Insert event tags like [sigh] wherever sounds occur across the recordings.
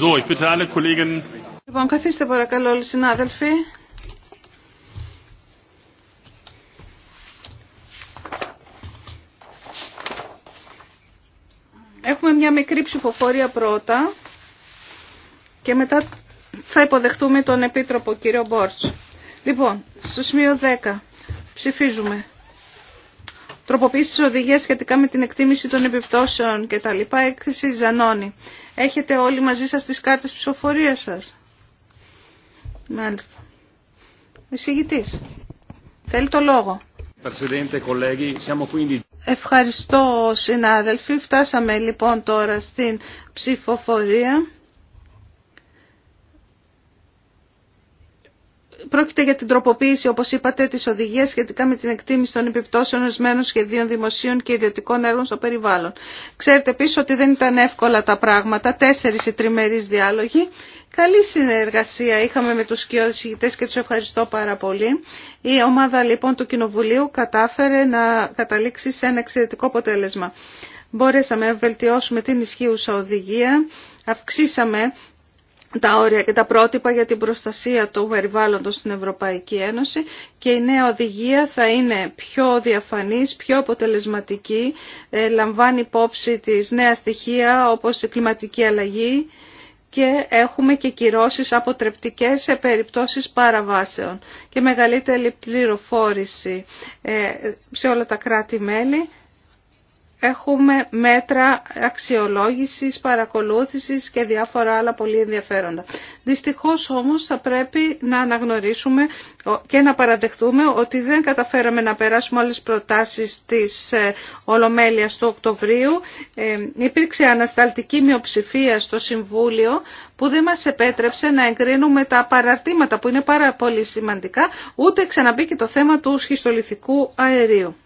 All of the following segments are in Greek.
So, ich Λοιπόν, καθίστε παρακαλώ όλοι συνάδελφοι. Έχουμε μια μικρή ψηφοφορία πρώτα και μετά θα υποδεχτούμε τον Επίτροπο κύριο Μπόρτς. Λοιπόν, στο σημείο 10 ψηφίζουμε τροποποίηση της οδηγίας σχετικά με την εκτίμηση των επιπτώσεων και τα λοιπά, έκθεση Ζανώνη. Έχετε όλοι μαζί σας τις κάρτες ψηφοφορίας σας. Μάλιστα. Εισηγητής, θέλει το λόγο. Ευχαριστώ συνάδελφοι. Φτάσαμε λοιπόν τώρα στην ψηφοφορία. Πρόκειται για την τροποποίηση, όπω είπατε, τη οδηγία σχετικά με την εκτίμηση των επιπτώσεων ορισμένων σχεδίων δημοσίων και ιδιωτικών έργων στο περιβάλλον. Ξέρετε επίση ότι δεν ήταν εύκολα τα πράγματα, τέσσερι ή τριμερεί διάλογοι. Καλή συνεργασία είχαμε με τους κοιόδησηγητές και τους ευχαριστώ πάρα πολύ. Η ομάδα λοιπόν του Κοινοβουλίου κατάφερε να καταλήξει σε ένα εξαιρετικό αποτέλεσμα. Μπορέσαμε να βελτιώσουμε την ισχύουσα οδηγία, αυξήσαμε τα όρια και τα πρότυπα για την προστασία του περιβάλλοντος στην Ευρωπαϊκή Ένωση και η νέα οδηγία θα είναι πιο διαφανής, πιο αποτελεσματική, ε, λαμβάνει υπόψη τις νέα στοιχεία όπως η κλιματική αλλαγή και έχουμε και κυρώσεις αποτρεπτικές σε περιπτώσεις παραβάσεων και μεγαλύτερη πληροφόρηση ε, σε όλα τα κράτη-μέλη έχουμε μέτρα αξιολόγησης, παρακολούθησης και διάφορα άλλα πολύ ενδιαφέροντα. Δυστυχώς όμως θα πρέπει να αναγνωρίσουμε και να παραδεχτούμε ότι δεν καταφέραμε να περάσουμε όλες τις προτάσεις της ε, Ολομέλειας του Οκτωβρίου. Ε, υπήρξε ανασταλτική μειοψηφία στο Συμβούλιο που δεν μας επέτρεψε να εγκρίνουμε τα παραρτήματα που είναι πάρα πολύ σημαντικά, ούτε ξαναμπήκε το θέμα του σχιστολιθικού αερίου.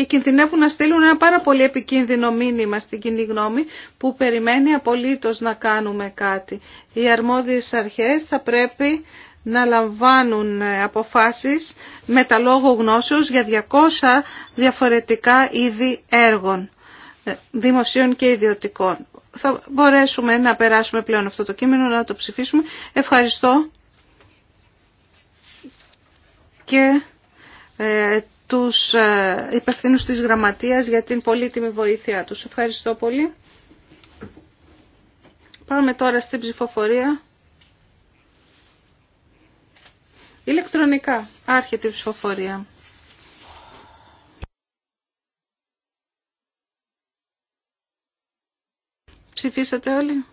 και κινδυνεύουν να στείλουν ένα πάρα πολύ επικίνδυνο μήνυμα στην κοινή γνώμη που περιμένει απολύτως να κάνουμε κάτι. Οι αρμόδιες αρχές θα πρέπει να λαμβάνουν ε, αποφάσεις με τα λόγω γνώσεως για 200 διαφορετικά είδη έργων ε, δημοσίων και ιδιωτικών. Θα μπορέσουμε να περάσουμε πλέον αυτό το κείμενο, να το ψηφίσουμε. Ευχαριστώ και ε, τους ε, υπευθύνους της Γραμματείας για την πολύτιμη βοήθειά τους. Ευχαριστώ πολύ. Πάμε τώρα στην ψηφοφορία. Ηλεκτρονικά άρχεται η ψηφοφορία. Ψηφίσατε όλοι.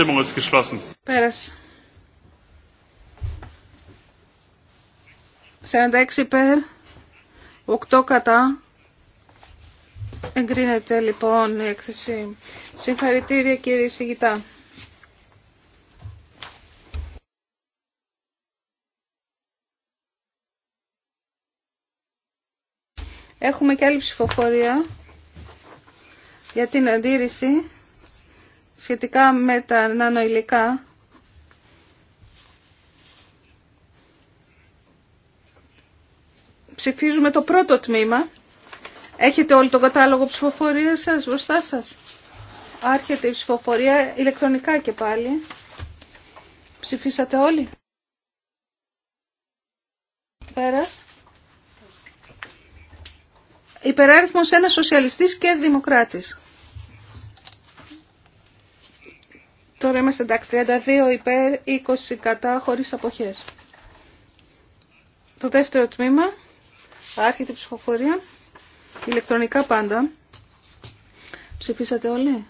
Abstimmung ist geschlossen. Πέρασε. 46 υπέρ, 8 κατά. Εγκρίνεται λοιπόν η έκθεση. Συγχαρητήρια κύριε Σιγητά. Έχουμε και άλλη ψηφοφορία για την αντίρρηση σχετικά με τα νανοηλικά. Ψηφίζουμε το πρώτο τμήμα. Έχετε όλο τον κατάλογο ψηφοφορία σας μπροστά σας. Άρχεται η ψηφοφορία ηλεκτρονικά και πάλι. Ψηφίσατε όλοι. Πέρας. Υπεράριθμος ένας σοσιαλιστής και δημοκράτης. Τώρα είμαστε εντάξει, 32 υπέρ, 20 κατά, χωρίς αποχές. Το δεύτερο τμήμα, άρχεται η ψηφοφορία, ηλεκτρονικά πάντα. Ψηφίσατε όλοι.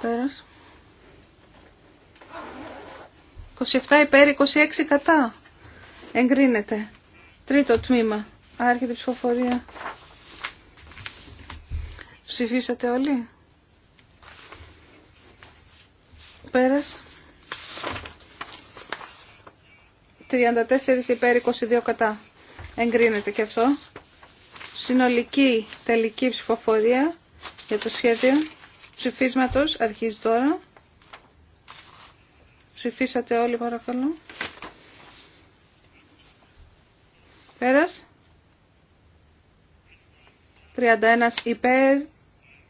Πέρας. 27 υπέρ, 26 κατά. Εγκρίνεται. Τρίτο τμήμα, άρχεται η ψηφοφορία. Ψηφίσατε όλοι. πέρας. 34 υπέρ 22 κατά. Εγκρίνεται και αυτό. Συνολική τελική ψηφοφορία για το σχέδιο ψηφίσματος αρχίζει τώρα. Ψηφίσατε όλοι παρακαλώ. Πέρας. 31 υπέρ,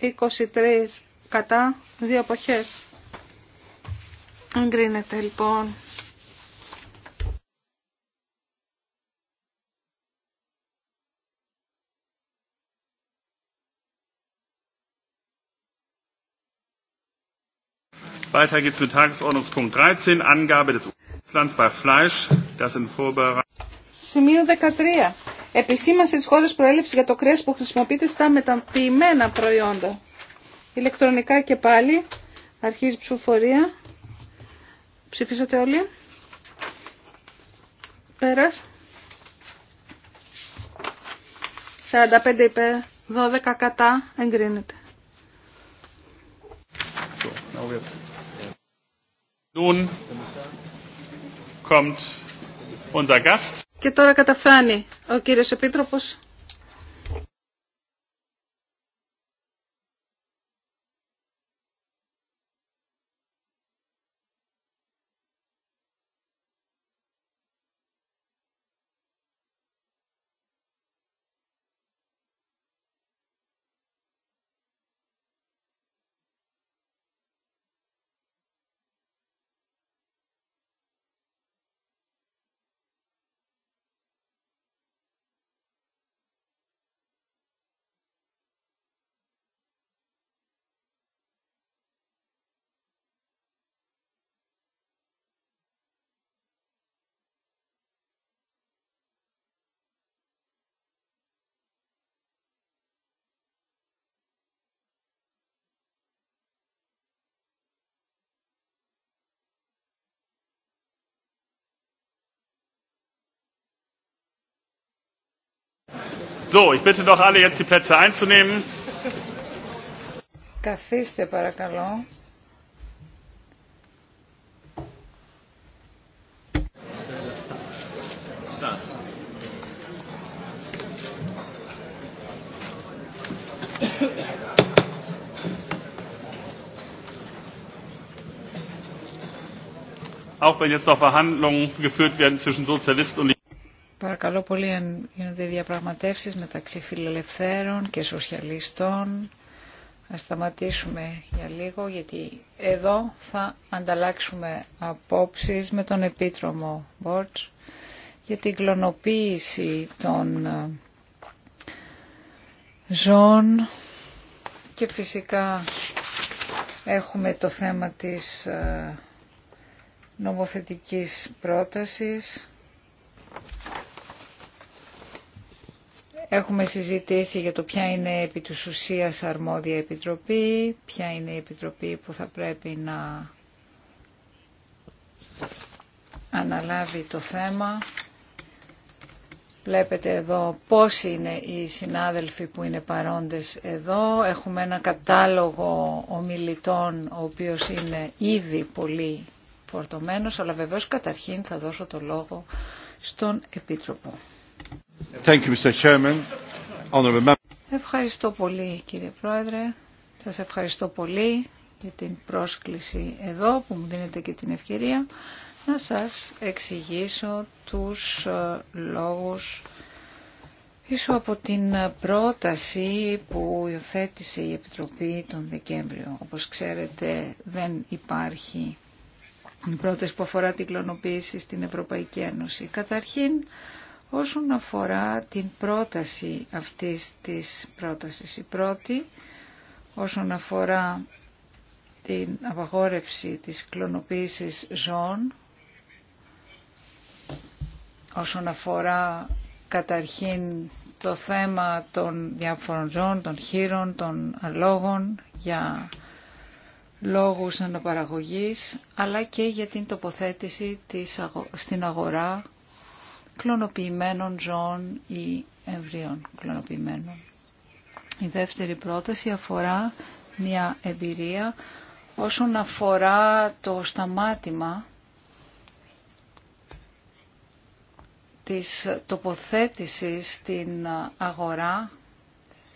23 κατά, δύο αποχές. Εγκρίνεται λοιπόν. Weiter geht's mit Tagesordnungspunkt 13, Angabe des Auslands bei Fleisch, das in Vorbereitung. Σημείο 13. Επισήμανση της χώρας προέλευσης για το κρέας που χρησιμοποιείται στα μεταποιημένα προϊόντα. Ηλεκτρονικά και πάλι. Αρχίζει ψηφοφορία. Ψηφίσατε όλοι. Πέρας. 45 υπέρ, 12 κατά, εγκρίνεται. Και τώρα καταφθάνει ο κύριος Επίτροπος. So, ich bitte doch alle jetzt die Plätze einzunehmen. Καθίστε παρακαλώ. Auch wenn jetzt noch Verhandlungen geführt werden zwischen Sozialisten und Παρακαλώ πολύ αν γίνονται διαπραγματεύσει μεταξύ φιλελευθέρων και σοσιαλιστών. Ασταματήσουμε σταματήσουμε για λίγο γιατί εδώ θα ανταλλάξουμε απόψεις με τον Επίτρομο Μπόρτς για την κλωνοποίηση των ε, ζώων και φυσικά έχουμε το θέμα της ε, νομοθετικής πρότασης Έχουμε συζητήσει για το ποια είναι επί του ουσίας αρμόδια επιτροπή, ποια είναι η επιτροπή που θα πρέπει να αναλάβει το θέμα. Βλέπετε εδώ πόσοι είναι οι συνάδελφοι που είναι παρόντες εδώ. Έχουμε ένα κατάλογο ομιλητών ο οποίος είναι ήδη πολύ φορτωμένος, αλλά βεβαίως καταρχήν θα δώσω το λόγο στον Επίτροπο. Ευχαριστώ πολύ κύριε Πρόεδρε. Σας ευχαριστώ πολύ για την πρόσκληση εδώ που μου δίνετε και την ευκαιρία να σας εξηγήσω τους ε, λόγους πίσω από την πρόταση που υιοθέτησε η Επιτροπή τον Δεκέμβριο. Όπως ξέρετε δεν υπάρχει η πρόταση που αφορά την κλωνοποίηση στην Ευρωπαϊκή Ένωση. Καταρχήν όσον αφορά την πρόταση αυτής της πρότασης. Η πρώτη όσον αφορά την απαγόρευση της κλωνοποίησης ζώων, όσον αφορά καταρχήν το θέμα των διάφορων ζώων, των χείρων, των αλόγων για λόγους αναπαραγωγής, αλλά και για την τοποθέτηση της, στην αγορά κλωνοποιημένων ζώων ή εμβρίων κλωνοποιημένων. Η δεύτερη πρόταση αφορά μια εμπειρία όσον αφορά το σταμάτημα της τοποθέτησης στην αγορά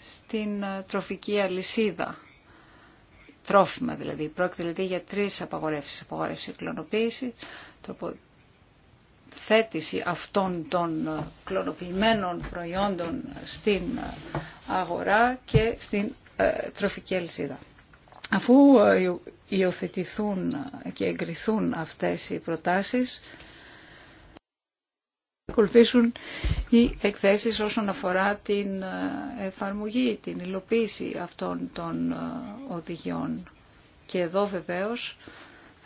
στην τροφική αλυσίδα. Τρόφιμα δηλαδή. Πρόκειται δηλαδή για τρεις απαγορεύσεις. Απαγορεύση κλωνοποίηση, θέτηση αυτών των ε, κλωνοποιημένων προϊόντων στην ε, αγορά και στην ε, τροφική αλυσίδα. Αφού υιοθετηθούν και εγκριθούν αυτές οι προτάσεις, ακολουθήσουν οι εκθέσεις όσον αφορά την εφαρμογή, την υλοποίηση αυτών των οδηγιών. Και εδώ βεβαίως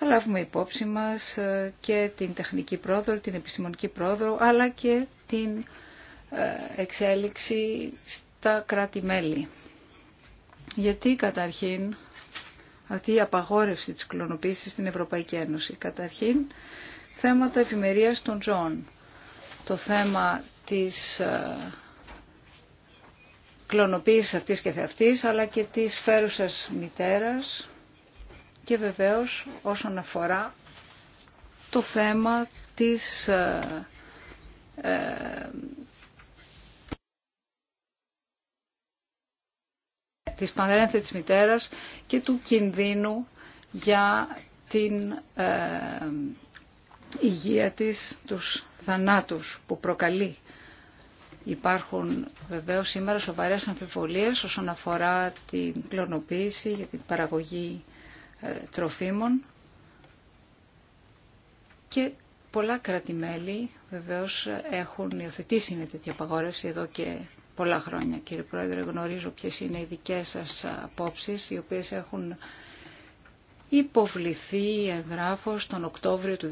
θα λάβουμε υπόψη μας ε, και την τεχνική πρόοδο, την επιστημονική πρόοδο, αλλά και την ε, εξέλιξη στα κράτη-μέλη. Γιατί καταρχήν αυτή η απαγόρευση της κλωνοποίησης στην Ευρωπαϊκή Ένωση. Καταρχήν θέματα εφημερίας των ζώων. Το θέμα της ε, κλωνοποίησης αυτής και θεαυτής, αλλά και της φέρουσας μητέρας, και βεβαίως όσον αφορά το θέμα της ε, ε, της μητέρας και του κινδύνου για την ε, υγεία της, τους θανάτους που προκαλεί. Υπάρχουν βεβαίως σήμερα σοβαρές αμφιβολίες όσον αφορά την κλωνοποίηση για την παραγωγή ε, τροφίμων και πολλά κράτη-μέλη βεβαίως έχουν υιοθετήσει με τέτοια απαγόρευση εδώ και πολλά χρόνια. Κύριε Πρόεδρε, γνωρίζω ποιες είναι οι δικές σας απόψεις, οι οποίες έχουν υποβληθεί εγγράφως τον Οκτώβριο του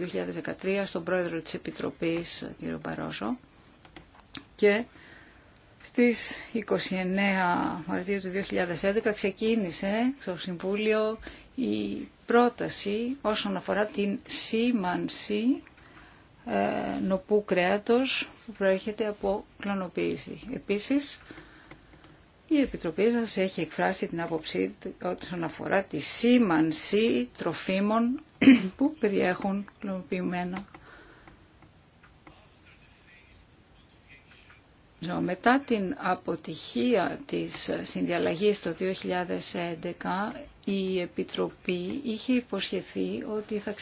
2013 στον Πρόεδρο της Επιτροπής, κύριο Μπαρόζο, και στις 29 Μαρτίου του 2011 ξεκίνησε στο Συμβούλιο η πρόταση όσον αφορά την σήμανση ε, νοπού κρέατος που προέρχεται από κλωνοποίηση. Επίσης, η Επιτροπή σας έχει εκφράσει την άποψή όσον αφορά τη σήμανση τροφίμων [clears throat] που περιέχουν κλωνοποιημένα Μετά την αποτυχία της συνδιαλλαγής το 2011, η Επιτροπή είχε υποσχεθεί ότι θα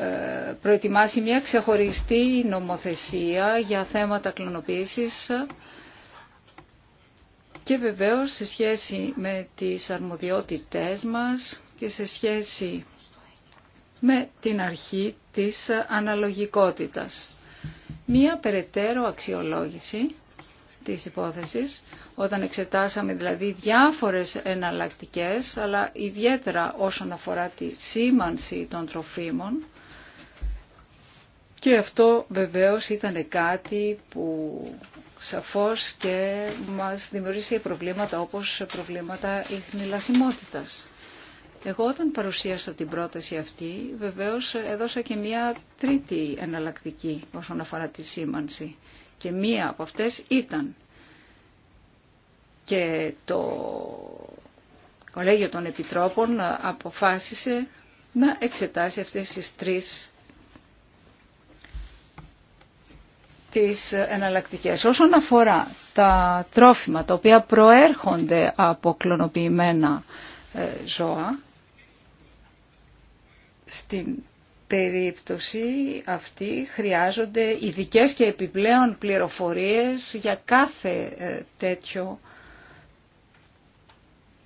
ε, προετοιμάσει μια ξεχωριστή νομοθεσία για θέματα κλωνοποίησης και βεβαίως σε σχέση με τις αρμοδιότητές μας και σε σχέση με την αρχή της αναλογικότητας μία περαιτέρω αξιολόγηση της υπόθεσης, όταν εξετάσαμε δηλαδή διάφορες εναλλακτικές, αλλά ιδιαίτερα όσον αφορά τη σήμανση των τροφίμων. Και αυτό βεβαίως ήταν κάτι που σαφώς και μας δημιουργήσε προβλήματα όπως προβλήματα ίχνηλασιμότητας. Εγώ όταν παρουσίασα την πρόταση αυτή, βεβαίως έδωσα και μία τρίτη εναλλακτική όσον αφορά τη σήμανση. Και μία από αυτές ήταν και το Κολέγιο των Επιτρόπων αποφάσισε να εξετάσει αυτές τις τρεις τις εναλλακτικές. Όσον αφορά τα τρόφιμα τα οποία προέρχονται από κλωνοποιημένα ε, ζώα, στην περίπτωση αυτή χρειάζονται ειδικέ και επιπλέον πληροφορίες για κάθε ε, τέτοιο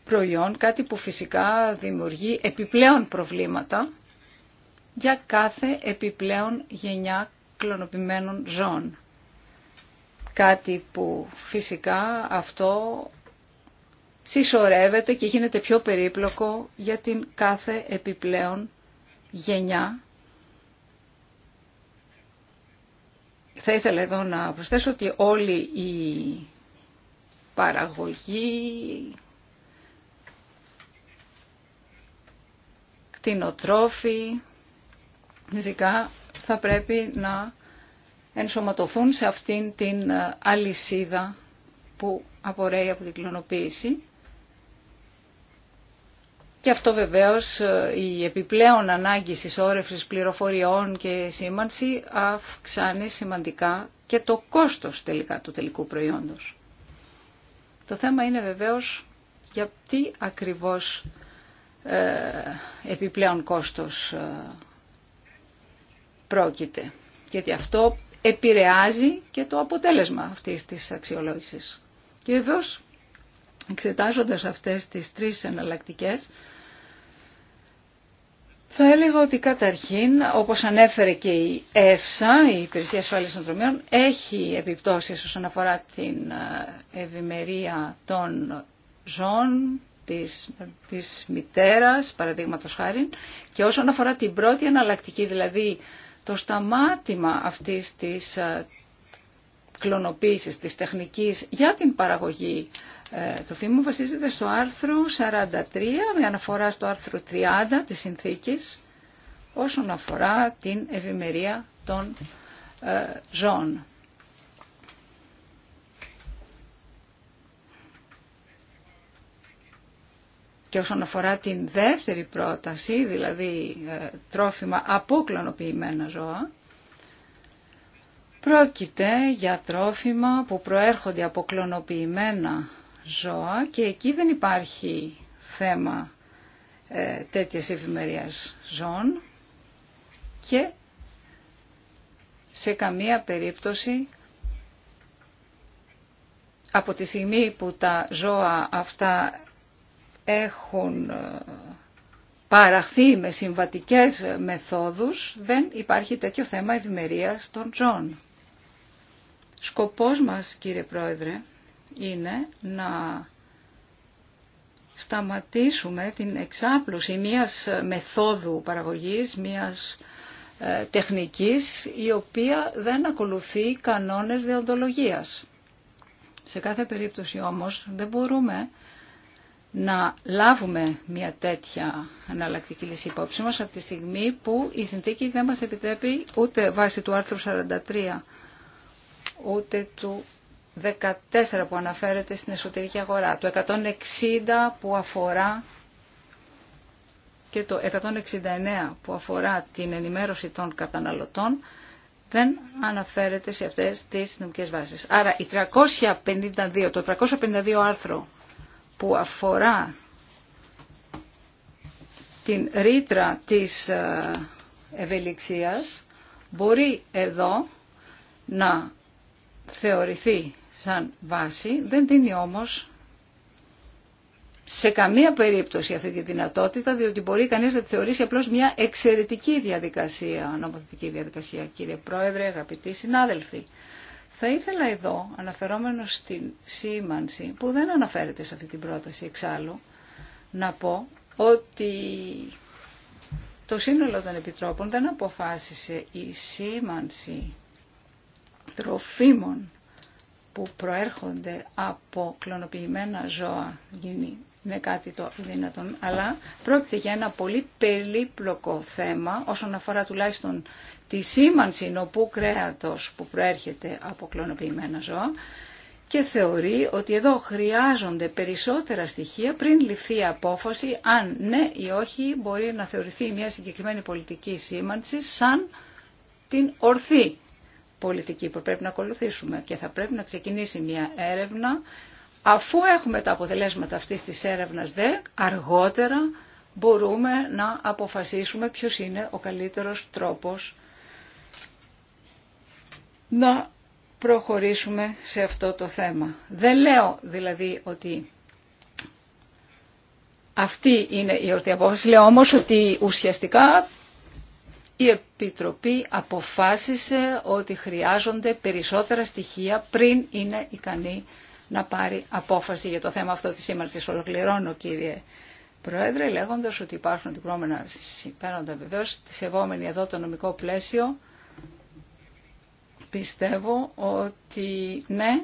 προϊόν, κάτι που φυσικά δημιουργεί επιπλέον προβλήματα για κάθε επιπλέον γενιά κλωνοποιημένων ζώων. Κάτι που φυσικά αυτό συσσωρεύεται και γίνεται πιο περίπλοκο για την κάθε επιπλέον γενιά. Θα ήθελα εδώ να προσθέσω ότι όλη η παραγωγή, κτηνοτρόφοι, ειδικά θα πρέπει να ενσωματωθούν σε αυτήν την αλυσίδα που απορρέει από την κλωνοποίηση και αυτό βεβαίως ε, η επιπλέον ανάγκη συσσόρευσης πληροφοριών και σήμανση αυξάνει σημαντικά και το κόστος τελικά του τελικού προϊόντος. Το θέμα είναι βεβαίως γιατί ακριβώς ε, επιπλέον κόστος ε, πρόκειται. Γιατί αυτό επηρεάζει και το αποτέλεσμα αυτής της αξιολόγησης. Και βεβαίως εξετάζοντας αυτές τις τρεις εναλλακτικές θα έλεγα ότι καταρχήν, όπως ανέφερε και η ΕΦΣΑ, η Υπηρεσία Ασφάλειας των έχει επιπτώσεις όσον αφορά την ε, ευημερία των ζώων, της, της μητέρας, παραδείγματο χάρη, και όσον αφορά την πρώτη εναλλακτική, δηλαδή το σταμάτημα αυτής της ε, κλωνοποίησης, της τεχνικής για την παραγωγή ε, μου βασίζεται στο άρθρο 43 με αναφορά στο άρθρο 30 της συνθήκης όσον αφορά την ευημερία των ε, ζώων. Και όσον αφορά την δεύτερη πρόταση, δηλαδή ε, τρόφιμα αποκλωνοποιημένα ζώα, πρόκειται για τρόφιμα που προέρχονται από ζώα και εκεί δεν υπάρχει θέμα ε, τέτοιας ευημερίας ζώων και σε καμία περίπτωση από τη στιγμή που τα ζώα αυτά έχουν ε, παραχθεί με συμβατικές μεθόδους, δεν υπάρχει τέτοιο θέμα ευημερίας των ζώων. Σκοπός μας, κύριε Πρόεδρε, είναι να σταματήσουμε την εξάπλωση μιας μεθόδου παραγωγής, μιας ε, τεχνικής η οποία δεν ακολουθεί κανόνες δεοντολογίας. Σε κάθε περίπτωση όμως δεν μπορούμε να λάβουμε μια τέτοια αναλλακτική λύση υπόψη μας από τη στιγμή που η συνθήκη δεν μας επιτρέπει ούτε βάσει του άρθρου 43 ούτε του 14 που αναφέρεται στην εσωτερική αγορά, το 160 που αφορά και το 169 που αφορά την ενημέρωση των καταναλωτών δεν αναφέρεται σε αυτές τις νομικές βάσεις. Άρα η 352, το 352 άρθρο που αφορά την ρήτρα της ε, ευελιξίας μπορεί εδώ να θεωρηθεί σαν βάση, δεν δίνει όμως σε καμία περίπτωση αυτή τη δυνατότητα, διότι μπορεί κανείς να τη θεωρήσει απλώς μια εξαιρετική διαδικασία, νομοθετική διαδικασία. Κύριε Πρόεδρε, αγαπητοί συνάδελφοι, θα ήθελα εδώ, αναφερόμενος στην σήμανση, που δεν αναφέρεται σε αυτή την πρόταση εξάλλου, να πω ότι το σύνολο των επιτρόπων δεν αποφάσισε η σήμανση τροφίμων που προέρχονται από κλωνοποιημένα ζώα γίνει είναι κάτι το δυνατόν, αλλά πρόκειται για ένα πολύ περίπλοκο θέμα όσον αφορά τουλάχιστον τη σήμανση νοπού κρέατος που προέρχεται από κλωνοποιημένα ζώα και θεωρεί ότι εδώ χρειάζονται περισσότερα στοιχεία πριν ληφθεί η απόφαση αν ναι ή όχι μπορεί να θεωρηθεί μια συγκεκριμένη πολιτική σήμανση σαν την ορθή πολιτική που πρέπει να ακολουθήσουμε και θα πρέπει να ξεκινήσει μια έρευνα αφού έχουμε τα αποτελέσματα αυτής της έρευνας δε, αργότερα μπορούμε να αποφασίσουμε ποιος είναι ο καλύτερος τρόπος να προχωρήσουμε σε αυτό το θέμα. Δεν λέω δηλαδή ότι αυτή είναι η ορθή απόφαση, λέω όμως ότι ουσιαστικά η Επιτροπή αποφάσισε ότι χρειάζονται περισσότερα στοιχεία πριν είναι ικανή να πάρει απόφαση για το θέμα αυτό της σήμερα της ολοκληρώνω κύριε Πρόεδρε λέγοντας ότι υπάρχουν αντικρώμενα συμπέραντα βεβαίως σεβόμενη εδώ το νομικό πλαίσιο πιστεύω ότι ναι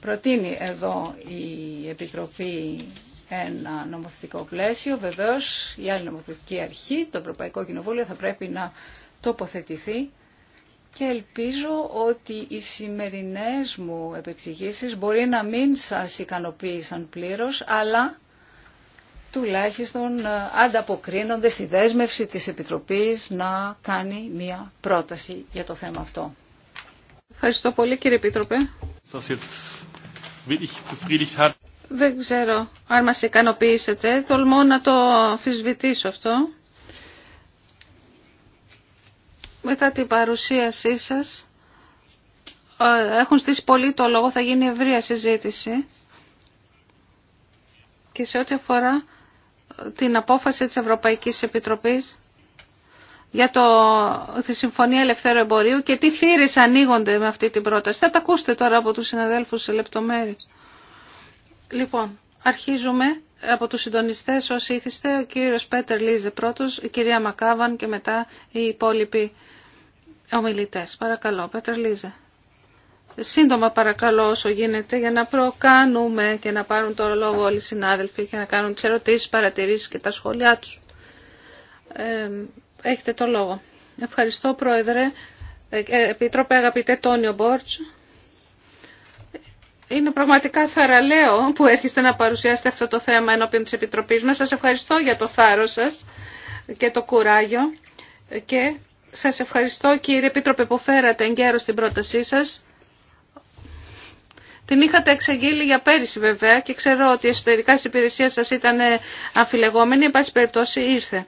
προτείνει εδώ η Επιτροπή ένα νομοθετικό πλαίσιο. Βεβαίως η άλλη νομοθετική αρχή, το Ευρωπαϊκό Κοινοβούλιο, θα πρέπει να τοποθετηθεί και ελπίζω ότι οι σημερινές μου επεξηγήσεις μπορεί να μην σας ικανοποίησαν πλήρως, αλλά τουλάχιστον ε, ανταποκρίνονται στη δέσμευση της Επιτροπής να κάνει μία πρόταση για το θέμα αυτό. Ευχαριστώ πολύ κύριε Επίτροπε. Δεν ξέρω αν μας ικανοποιήσετε. Τολμώ να το αφισβητήσω αυτό. Μετά την παρουσίασή σας ε, έχουν στήσει πολύ το λόγο, θα γίνει ευρία συζήτηση. Και σε ό,τι αφορά ε, την απόφαση της Ευρωπαϊκής Επιτροπής για το, τη Συμφωνία Ελευθέρω Εμπορίου και τι θύρες ανοίγονται με αυτή την πρόταση. Θα τα ακούσετε τώρα από τους συναδέλφους σε λεπτομέρειες. Λοιπόν, αρχίζουμε από τους συντονιστές όσοι ήθιστε, ο κύριος Πέτερ Λίζε πρώτος, η κυρία Μακάβαν και μετά οι υπόλοιποι ομιλητές. Παρακαλώ, Πέτερ Λίζε. Σύντομα παρακαλώ όσο γίνεται για να προκάνουμε και να πάρουν το λόγο όλοι οι συνάδελφοι και να κάνουν τις ερωτήσεις, παρατηρήσεις και τα σχόλιά τους. Ε, έχετε το λόγο. Ευχαριστώ Πρόεδρε. Ε, Επίτροπε αγαπητέ Τόνιο Μπόρτς. Είναι πραγματικά θαραλέο που έρχεστε να παρουσιάσετε αυτό το θέμα ενώπιον της Επιτροπής μας. Σας ευχαριστώ για το θάρρος σας και το κουράγιο και σας ευχαριστώ κύριε Επίτροπε που φέρατε εγκαίρως την πρότασή σας. Την είχατε εξαγγείλει για πέρυσι βέβαια και ξέρω ότι η εσωτερικά της υπηρεσία σας ήταν αμφιλεγόμενη, εν πάση περιπτώσει ήρθε.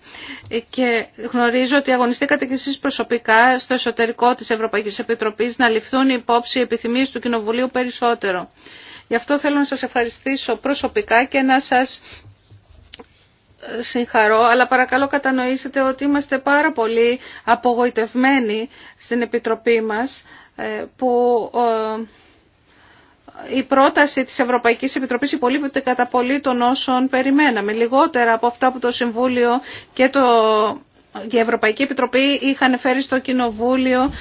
Και γνωρίζω ότι αγωνιστήκατε και εσείς προσωπικά στο εσωτερικό της Ευρωπαϊκής Επιτροπής να ληφθούν υπόψη οι επιθυμίες του Κοινοβουλίου περισσότερο. Γι' αυτό θέλω να σας ευχαριστήσω προσωπικά και να σας συγχαρώ, αλλά παρακαλώ κατανοήσετε ότι είμαστε πάρα πολύ απογοητευμένοι στην Επιτροπή μας ε, που ε, η πρόταση της Ευρωπαϊκής Επιτροπής υπολείπεται κατά πολύ των όσων περιμέναμε. Λιγότερα από αυτά που το Συμβούλιο και το η Ευρωπαϊκή Επιτροπή είχαν φέρει στο Κοινοβούλιο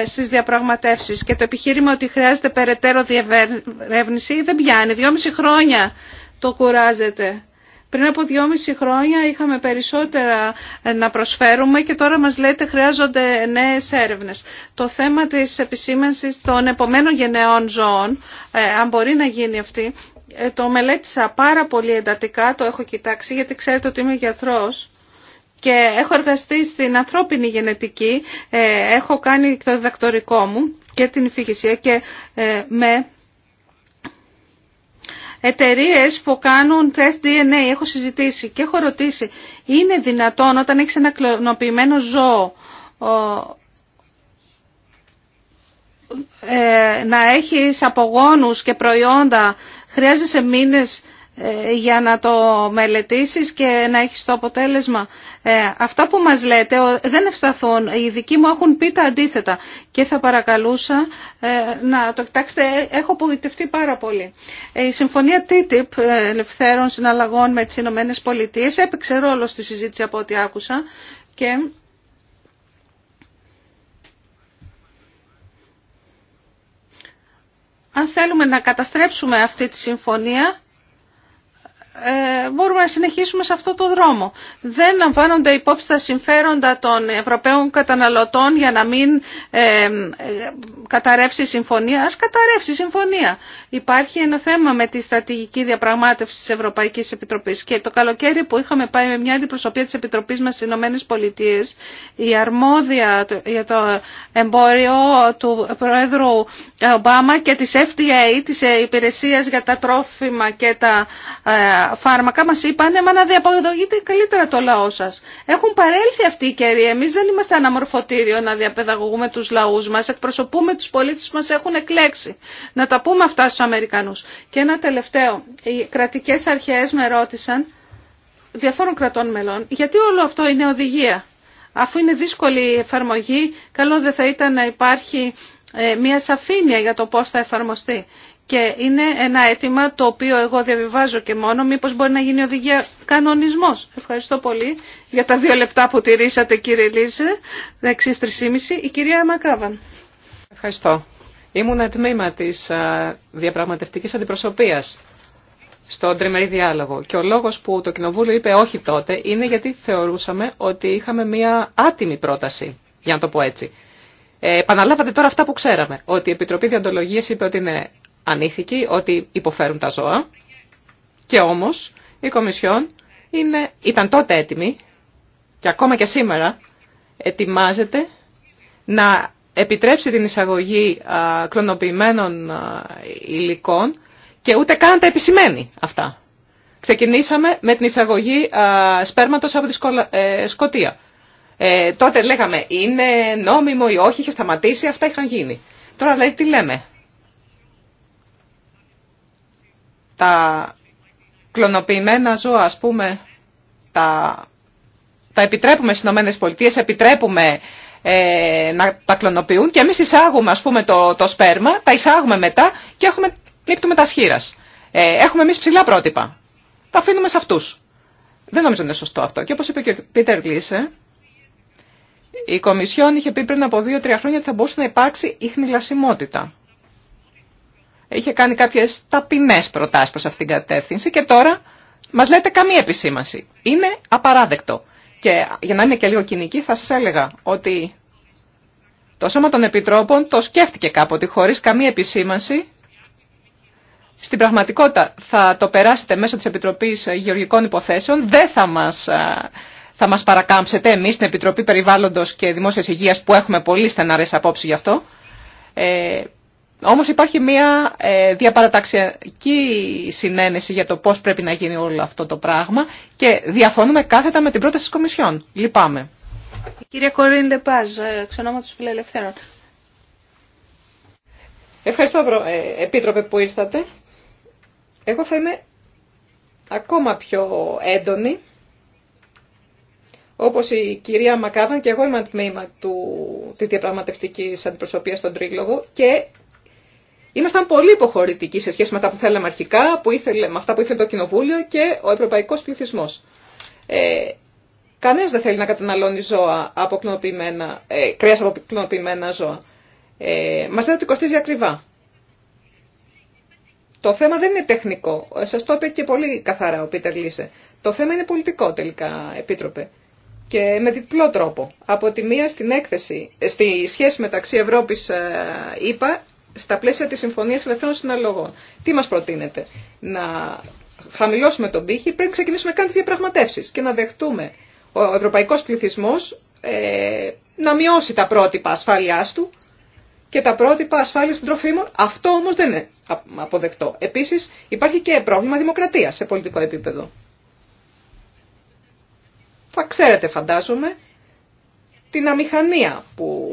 ε, στις διαπραγματεύσεις και το επιχείρημα ότι χρειάζεται περαιτέρω διευρεύνηση δεν πιάνει. Δυόμιση χρόνια το κουράζεται πριν από δυόμιση χρόνια είχαμε περισσότερα ε, να προσφέρουμε και τώρα μας λέτε χρειάζονται νέες έρευνες. Το θέμα της επισήμανσης των επομένων γενναιών ζώων, ε, αν μπορεί να γίνει αυτή, ε, το μελέτησα πάρα πολύ εντατικά, το έχω κοιτάξει γιατί ξέρετε ότι είμαι γιατρός και έχω εργαστεί στην ανθρώπινη γενετική, έχω κάνει το διδακτορικό μου και την υφηγησία και με εταιρείε που κάνουν τεστ DNA. Έχω συζητήσει και έχω ρωτήσει, είναι δυνατόν όταν έχει ένα κλωνοποιημένο ζώο ε, να έχει απογόνους και προϊόντα, χρειάζεσαι μήνες ε, για να το μελετήσεις και να έχεις το αποτέλεσμα. Ε, αυτά που μας λέτε δεν ευσταθούν. Οι δικοί μου έχουν πει τα αντίθετα και θα παρακαλούσα ε, να το κοιτάξετε. Έχω απογοητευτεί πάρα πολύ. Η συμφωνία TTIP ελευθέρων συναλλαγών με τις Ηνωμένε Πολιτείες έπαιξε ρόλο στη συζήτηση από ό,τι άκουσα και αν θέλουμε να καταστρέψουμε αυτή τη συμφωνία ε, μπορούμε να συνεχίσουμε σε αυτό το δρόμο. Δεν λαμβάνονται υπόψη τα συμφέροντα των Ευρωπαίων καταναλωτών για να μην ε, καταρρεύσει η συμφωνία. Ας καταρρεύσει η συμφωνία. Υπάρχει ένα θέμα με τη στρατηγική διαπραγμάτευση της Ευρωπαϊκής Επιτροπής και το καλοκαίρι που είχαμε πάει με μια αντιπροσωπεία της Επιτροπής μας στις Ηνωμένες Πολιτείες η αρμόδια για το εμπόριο του Προέδρου Ομπάμα και της FDA, της Υπηρεσίας για τα Τρόφιμα και τα ε, φάρμακα μας είπαν «Ε, μα να διαπαιδαγωγείτε καλύτερα το λαό σας. Έχουν παρέλθει αυτοί οι καιροί. Εμείς δεν είμαστε αναμορφωτήριο να διαπαιδαγωγούμε τους λαούς μας. Εκπροσωπούμε τους πολίτες που μας έχουν εκλέξει. Να τα πούμε αυτά στους Αμερικανούς. Και ένα τελευταίο. Οι κρατικές αρχές με ρώτησαν διαφόρων κρατών μελών. Γιατί όλο αυτό είναι οδηγία. Αφού είναι δύσκολη η εφαρμογή, καλό δεν θα ήταν να υπάρχει ε, μια σαφήνεια για το πώς θα εφαρμοστεί. Και είναι ένα αίτημα το οποίο εγώ διαβιβάζω και μόνο μήπως μπορεί να γίνει οδηγία κανονισμός. Ευχαριστώ πολύ για τα δύο λεπτά που τηρήσατε κύριε Λίζε, δεξής τρισήμιση, Η κυρία Μακάβαν. Ευχαριστώ. Ήμουν τμήμα της διαπραγματευτικής αντιπροσωπείας στον τριμερή διάλογο. Και ο λόγος που το Κοινοβούλιο είπε όχι τότε είναι γιατί θεωρούσαμε ότι είχαμε μία άτιμη πρόταση, για να το πω έτσι. Ε, επαναλάβατε τώρα αυτά που ξέραμε, ότι η Επιτροπή Διαντολογίας είπε ότι είναι ανήθικοι, ότι υποφέρουν τα ζώα. Και όμως η Κομισιόν είναι, ήταν τότε έτοιμη και ακόμα και σήμερα ετοιμάζεται να επιτρέψει την εισαγωγή α, κλωνοποιημένων υλικών και ούτε καν τα επισημαίνει αυτά. Ξεκινήσαμε με την εισαγωγή α, σπέρματος από τη Σκοτία. Ε, ε, τότε λέγαμε είναι νόμιμο ή όχι, είχε σταματήσει, αυτά είχαν γίνει. Τώρα λέει τι λέμε. τα κλωνοποιημένα ζώα, ας πούμε, τα, τα επιτρέπουμε στις Ηνωμένες Πολιτείες, επιτρέπουμε ε, να τα κλωνοποιούν και εμείς εισάγουμε, ας πούμε, το, το σπέρμα, τα εισάγουμε μετά και έχουμε, πλήπτουμε τα σχήρας. Ε, έχουμε εμείς ψηλά πρότυπα. Τα αφήνουμε σε αυτούς. Δεν νομίζω είναι σωστό αυτό. Και όπως είπε και ο Πίτερ Γκλίσε, η Κομισιόν είχε πει πριν από δύο-τρία χρόνια ότι θα μπορούσε να υπάρξει ίχνη είχε κάνει κάποιες ταπεινές προτάσεις προς αυτήν την κατεύθυνση και τώρα μας λέτε καμία επισήμανση. Είναι απαράδεκτο. Και για να είμαι και λίγο κοινική θα σας έλεγα ότι το Σώμα των Επιτρόπων το σκέφτηκε κάποτε χωρίς καμία επισήμανση. Στην πραγματικότητα θα το περάσετε μέσω της Επιτροπής Γεωργικών Υποθέσεων. Δεν θα μας, θα μας παρακάμψετε εμείς στην Επιτροπή Περιβάλλοντος και Δημόσιας Υγείας που έχουμε πολύ στεναρές απόψεις γι' αυτό. Ε, Όμω υπάρχει μια ε, διαπαραταξιακή συνένεση για το πώ πρέπει να γίνει όλο αυτό το πράγμα και διαφωνούμε κάθετα με την πρόταση τη Κομισιόν. Λυπάμαι. Η κυρία Κορίν Λεπάζ, ε, εξ ονόματος Φιλελευθέρων. Ευχαριστώ, ε, Επίτροπε, που ήρθατε. Εγώ θα είμαι ακόμα πιο έντονη. Όπως η κυρία Μακάβαν και εγώ είμαι τμήμα τη της διαπραγματευτικής στον Τρίγλογο και Ήμασταν πολύ υποχωρητικοί σε σχέση με αυτά που θέλαμε αρχικά, που ήθελε, με αυτά που ήθελε το Κοινοβούλιο και ο ευρωπαϊκό πληθυσμό. Ε, Κανένα δεν θέλει να καταναλώνει ζώα από ε, από κλωνοποιημένα ζώα. Ε, μας λέτε ότι κοστίζει ακριβά. Το θέμα δεν είναι τεχνικό. Ε, Σα το είπε και πολύ καθαρά ο Πίτερ Λίσε. Το θέμα είναι πολιτικό τελικά, Επίτροπε. Και με διπλό τρόπο. Από τη μία στην έκθεση, ε, στη σχέση μεταξύ Ευρώπης, είπα, στα πλαίσια της Συμφωνίας Ελευθερών Συναλλογών. Τι μας προτείνεται, να χαμηλώσουμε τον πύχη πριν ξεκινήσουμε καν τις διαπραγματεύσεις και να δεχτούμε ο ευρωπαϊκός πληθυσμός ε, να μειώσει τα πρότυπα ασφάλειάς του και τα πρότυπα ασφάλεια των τροφίμων. Αυτό όμως δεν είναι αποδεκτό. Επίσης υπάρχει και πρόβλημα δημοκρατίας σε πολιτικό επίπεδο. Θα ξέρετε φαντάζομαι την αμηχανία που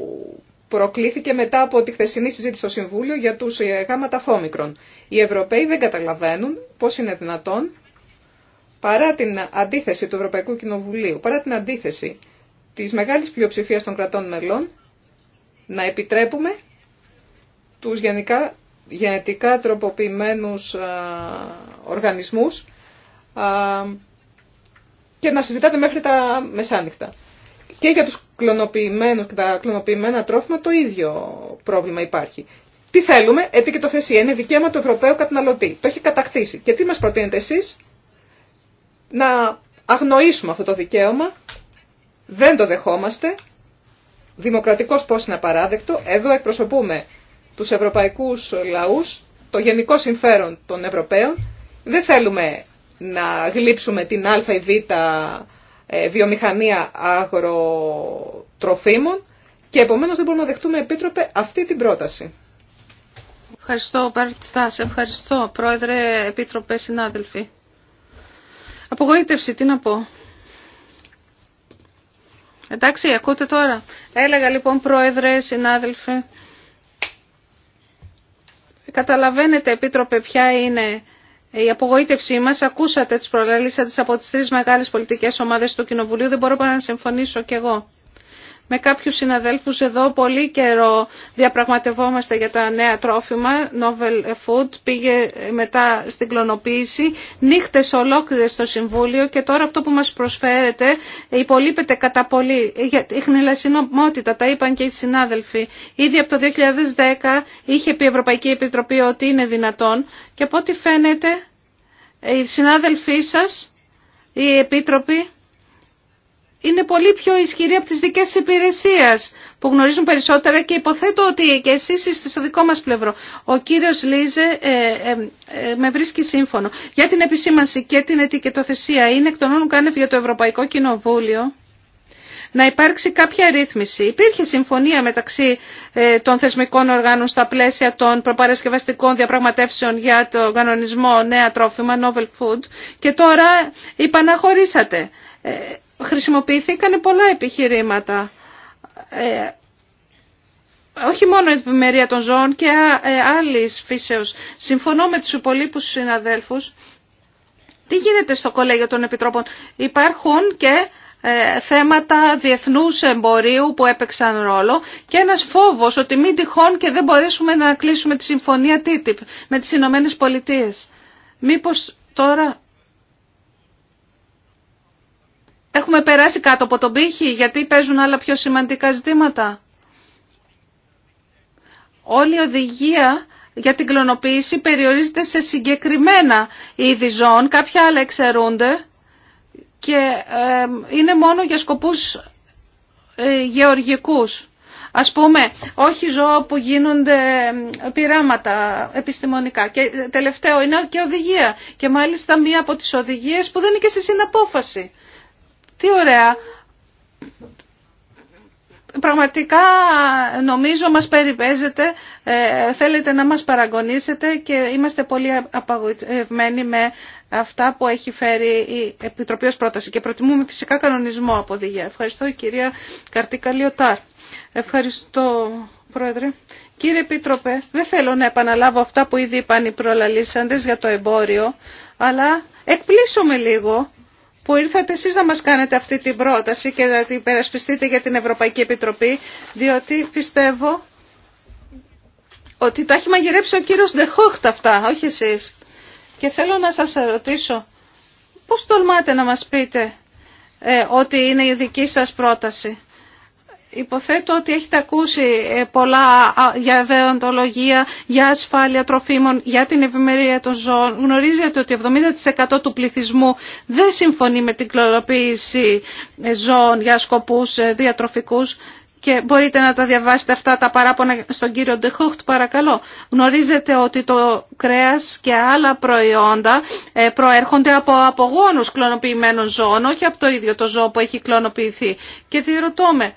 προκλήθηκε μετά από τη χθεσινή συζήτηση στο Συμβούλιο για τους ε, γάματα φόμικρων. Οι Ευρωπαίοι δεν καταλαβαίνουν πώς είναι δυνατόν, παρά την αντίθεση του Ευρωπαϊκού Κοινοβουλίου, παρά την αντίθεση της μεγάλης πλειοψηφίας των κρατών μελών, να επιτρέπουμε τους γενικά, γενετικά τροποποιημένους ε, οργανισμούς ε, και να συζητάτε μέχρι τα μεσάνυχτα. Και για τους κλωνοποιημένους και τα κλωνοποιημένα τρόφιμα το ίδιο πρόβλημα υπάρχει. Τι θέλουμε, και το θέση. είναι δικαίωμα του Ευρωπαίου καταναλωτή. Το έχει κατακτήσει. Και τι μας προτείνετε εσείς, να αγνοήσουμε αυτό το δικαίωμα, δεν το δεχόμαστε, δημοκρατικός πώς είναι απαράδεκτο, εδώ εκπροσωπούμε τους ευρωπαϊκούς λαούς, το γενικό συμφέρον των Ευρωπαίων, δεν θέλουμε να γλύψουμε την α ή β ε, βιομηχανία αγροτροφίμων και επομένως δεν μπορούμε να δεχτούμε επίτροπε αυτή την πρόταση. Ευχαριστώ, Παρτιστάς. Ευχαριστώ, Πρόεδρε, Επίτροπε, συνάδελφοι. Απογοήτευση, τι να πω. Εντάξει, ακούτε τώρα. Έλεγα λοιπόν, Πρόεδρε, συνάδελφοι. Καταλαβαίνετε, Επίτροπε, ποια είναι η απογοήτευσή μας, ακούσατε τις προλαλήσαντες από τις τρεις μεγάλες πολιτικές ομάδες του Κοινοβουλίου, δεν μπορώ παρά να συμφωνήσω κι εγώ με κάποιους συναδέλφους εδώ πολύ καιρό διαπραγματευόμαστε για τα νέα τρόφιμα, Novel Food, πήγε μετά στην κλωνοποίηση, νύχτες ολόκληρες στο Συμβούλιο και τώρα αυτό που μας προσφέρεται υπολείπεται κατά πολύ. Η χνηλασινομότητα, τα είπαν και οι συνάδελφοι, ήδη από το 2010 είχε πει η Ευρωπαϊκή Επιτροπή ότι είναι δυνατόν και από ό,τι φαίνεται οι συνάδελφοί σας, οι επίτροποι, είναι πολύ πιο ισχυρή από τις δικές της υπηρεσίας που γνωρίζουν περισσότερα και υποθέτω ότι και εσείς είστε στο δικό μας πλευρό. Ο κύριος Λίζε ε, ε, ε, με βρίσκει σύμφωνο. Για την επισήμανση και την ετικετοθεσία είναι εκ των όνων κάνευ για το Ευρωπαϊκό Κοινοβούλιο να υπάρξει κάποια ρύθμιση. Υπήρχε συμφωνία μεταξύ ε, των θεσμικών οργάνων στα πλαίσια των προπαρασκευαστικών διαπραγματεύσεων για τον κανονισμό νέα τρόφιμα, novel food, και τώρα υπαναχωρήσατε. Ε, χρησιμοποιήθηκαν πολλά επιχειρήματα. Ε, όχι μόνο η επιμερία των ζώων και ε, άλλης φύσεως. Συμφωνώ με τους υπολείπους συναδέλφους. Τι γίνεται στο κολέγιο των επιτρόπων. Υπάρχουν και ε, θέματα διεθνούς εμπορίου που έπαιξαν ρόλο και ένας φόβος ότι μην τυχόν και δεν μπορέσουμε να κλείσουμε τη συμφωνία TTIP με τις Ηνωμένε Πολιτείες. Μήπως τώρα Έχουμε περάσει κάτω από τον πύχη γιατί παίζουν άλλα πιο σημαντικά ζητήματα. Όλη η οδηγία για την κλωνοποίηση περιορίζεται σε συγκεκριμένα είδη ζώων, κάποια άλλα εξαιρούνται και είναι μόνο για σκοπούς ε, γεωργικούς. Ας πούμε, όχι ζώα που γίνονται πειράματα επιστημονικά. Και ε, τελευταίο είναι και οδηγία. Και μάλιστα μία από τις οδηγίες που δεν είναι και σε συναπόφαση. Τι ωραία. Πραγματικά νομίζω μας περιπέζετε, ε, θέλετε να μας παραγωνίσετε και είμαστε πολύ απαγοητευμένοι με αυτά που έχει φέρει η Επιτροπή ως πρόταση και προτιμούμε φυσικά κανονισμό από δίγεια. Ευχαριστώ κυρία Καρτίκα Λιωτάρ. Ευχαριστώ Πρόεδρε. Κύριε Επίτροπε, δεν θέλω να επαναλάβω αυτά που ήδη είπαν οι προλαλήσαντες για το εμπόριο, αλλά με λίγο που ήρθατε εσείς να μας κάνετε αυτή την πρόταση και να την περασπιστείτε για την Ευρωπαϊκή Επιτροπή, διότι πιστεύω ότι τα έχει μαγειρέψει ο κύριος Ντεχόχτ αυτά, όχι εσείς. Και θέλω να σας ρωτήσω, πώς τολμάτε να μας πείτε ε, ότι είναι η δική σας πρόταση. Υποθέτω ότι έχετε ακούσει ε, πολλά για δεοντολογία, για ασφάλεια τροφίμων, για την ευημερία των ζώων. Γνωρίζετε ότι 70% του πληθυσμού δεν συμφωνεί με την κλωροποίηση ε, ζώων για σκοπούς ε, διατροφικούς και μπορείτε να τα διαβάσετε αυτά τα παράπονα στον κύριο Ντεχούχτ παρακαλώ. Γνωρίζετε ότι το κρέας και άλλα προϊόντα προέρχονται από απογόνους κλωνοποιημένων ζώων, όχι από το ίδιο το ζώο που έχει κλωνοποιηθεί. Και διερωτώ με,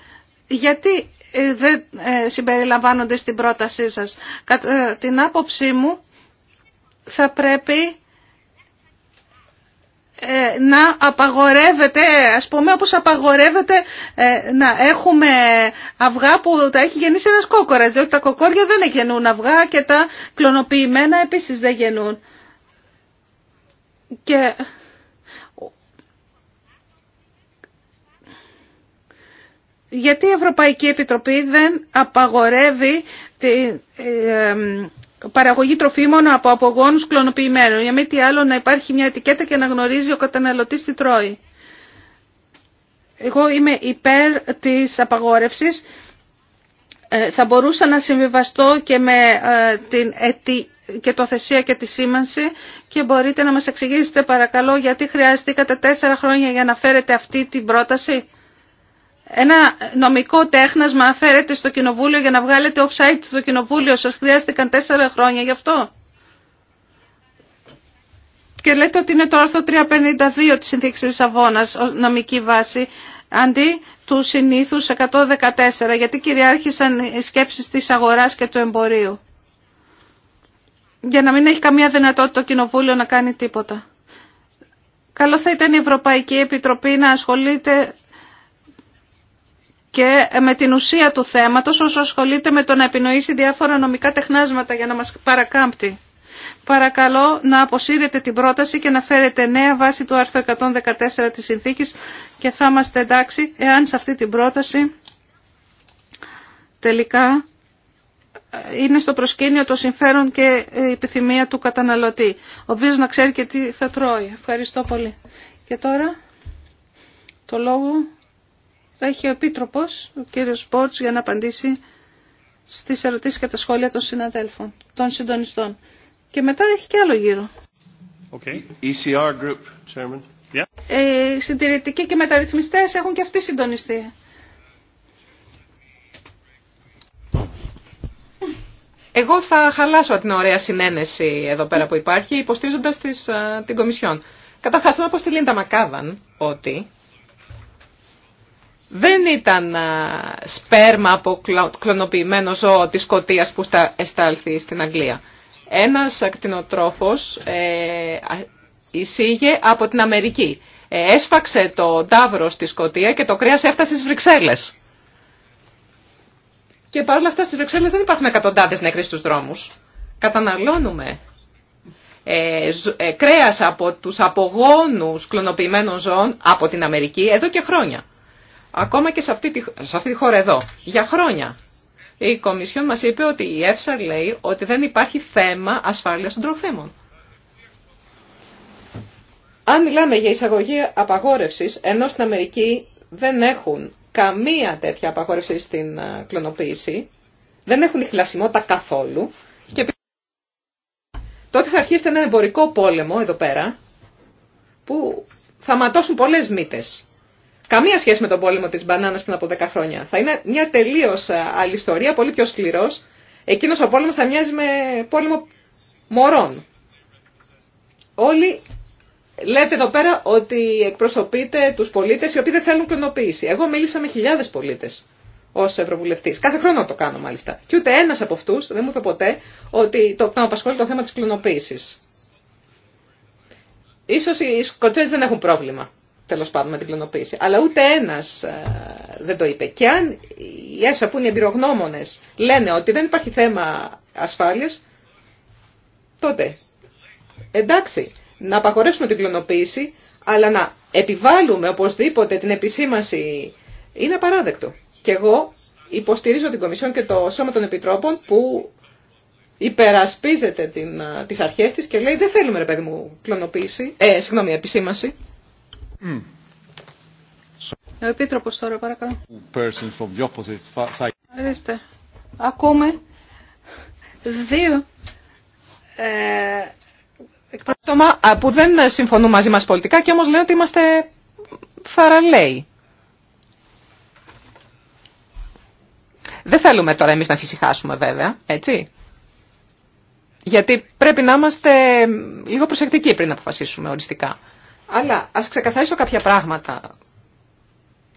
γιατί ε, δεν ε, συμπεριλαμβάνονται στην πρότασή σας. Κατά την άποψή μου θα πρέπει ε, να απαγορεύεται, ας πούμε όπως απαγορεύεται να έχουμε αυγά που τα έχει γεννήσει ένας κόκορας, διότι τα κοκόρια δεν γεννούν αυγά και τα κλωνοποιημένα επίσης δεν γεννούν. γιατί η Ευρωπαϊκή Επιτροπή δεν απαγορεύει την ε, παραγωγή τροφίμων από απογόνους κλωνοποιημένων. Για μη τι άλλο να υπάρχει μια ετικέτα και να γνωρίζει ο καταναλωτής τι τρώει. Εγώ είμαι υπέρ της απαγόρευσης. Ε, θα μπορούσα να συμβιβαστώ και με ε, την ετι, και το θεσία και τη σήμανση και μπορείτε να μας εξηγήσετε παρακαλώ γιατί χρειάζεται τέσσερα χρόνια για να φέρετε αυτή την πρόταση. Ένα νομικό τέχνασμα φέρετε στο κοινοβούλιο για να βγάλετε off-site στο κοινοβούλιο. Σας χρειάστηκαν τέσσερα χρόνια γι' αυτό. Και λέτε ότι είναι το άρθρο 352 της Συνθήκης Λισαβόνα νομική βάση αντί του συνήθους 114 γιατί κυριάρχησαν οι σκέψεις της αγοράς και του εμπορίου. Για να μην έχει καμία δυνατότητα το Κοινοβούλιο να κάνει τίποτα. Καλό θα ήταν η Ευρωπαϊκή Επιτροπή να ασχολείται και με την ουσία του θέματος όσο ασχολείται με το να επινοήσει διάφορα νομικά τεχνάσματα για να μας παρακάμπτει. Παρακαλώ να αποσύρετε την πρόταση και να φέρετε νέα βάση του άρθρου 114 της συνθήκης και θα είμαστε εντάξει εάν σε αυτή την πρόταση τελικά είναι στο προσκήνιο το συμφέρον και η επιθυμία του καταναλωτή, ο οποίος να ξέρει και τι θα τρώει. Ευχαριστώ πολύ. Και τώρα το λόγο θα έχει ο Επίτροπος, ο κύριος Μπότς, για να απαντήσει στις ερωτήσεις και τα σχόλια των συναδέλφων, των συντονιστών. Και μετά έχει και άλλο γύρο. Okay. ECR group, chairman. Yeah. Ε, συντηρητικοί και μεταρρυθμιστές έχουν και αυτοί συντονιστεί. Εγώ θα χαλάσω την ωραία συνένεση εδώ πέρα που υπάρχει, υποστήριζοντας την Κομισιόν. Καταρχάς, θέλω να πω στη Λίντα Μακάβαν ότι δεν ήταν σπέρμα από κλωνοποιημένο ζώο της σκοτίας που στα εστάλθη στην Αγγλία. Ένας ακτινοτρόφος ε, εισήγε από την Αμερική. Ε, έσφαξε το τάβρο στη Σκοτία και το κρέας έφτασε στις Βρυξέλλες. Και παρόλα αυτά στις Βρυξέλλες δεν υπάρχουν εκατοντάδες νεκροί στους δρόμους. Καταναλώνουμε ε, ε κρέας από τους απογόνους κλωνοποιημένων ζώων από την Αμερική εδώ και χρόνια. Ακόμα και σε αυτή, τη, αυτή χώρα εδώ, για χρόνια. Η Κομισιόν μας είπε ότι η ΕΦΣΑ λέει ότι δεν υπάρχει θέμα ασφάλειας των τροφίμων. Αν μιλάμε για εισαγωγή απαγόρευσης, ενώ στην Αμερική δεν έχουν καμία τέτοια απαγόρευση στην ε, κλωνοποίηση, δεν έχουν τα καθόλου, και τότε θα αρχίσει ένα εμπορικό πόλεμο εδώ πέρα, που θα ματώσουν πολλές μύτες. Καμία σχέση με τον πόλεμο της μπανάνας πριν από 10 χρόνια. Θα είναι μια τελείως ε, άλλη ιστορία, πολύ πιο σκληρός. Εκείνος ο πόλεμος θα μοιάζει με πόλεμο μωρών. Όλοι λέτε εδώ πέρα ότι εκπροσωπείτε τους πολίτες οι οποίοι δεν θέλουν κλωνοποίηση. Εγώ μίλησα με χιλιάδες πολίτες ω Ευρωβουλευτή. Κάθε χρόνο το κάνω μάλιστα. Και ούτε ένα από αυτού δεν μου είπε ποτέ ότι το να απασχολεί το θέμα τη κλωνοποίηση. σω οι Σκοτσέζοι δεν έχουν πρόβλημα τέλο πάντων με την κλωνοποίηση. Αλλά ούτε ένα ε, δεν το είπε. Και αν οι έσα που είναι εμπειρογνώμονε λένε ότι δεν υπάρχει θέμα ασφάλεια, τότε εντάξει, να απαγορεύσουμε την κλωνοποίηση, αλλά να επιβάλλουμε οπωσδήποτε την επισήμαση είναι απαράδεκτο. Και εγώ υποστηρίζω την Κομισιόν και το Σώμα των Επιτρόπων που υπερασπίζεται την, ε, τις αρχές της και λέει δεν θέλουμε ρε παιδί μου κλωνοποίηση, ε, συγγνώμη, επισήμαση. Ο Επίτροπος τώρα, παρακαλώ. Ορίστε. Ακούμε δύο ε, άτομα που δεν συμφωνούν μαζί μας πολιτικά και όμως λένε ότι είμαστε θαραλέοι. Δεν θέλουμε τώρα εμείς να φυσικάσουμε βέβαια, έτσι. Γιατί πρέπει να είμαστε λίγο προσεκτικοί πριν να αποφασίσουμε οριστικά. Αλλά ας ξεκαθαρίσω κάποια πράγματα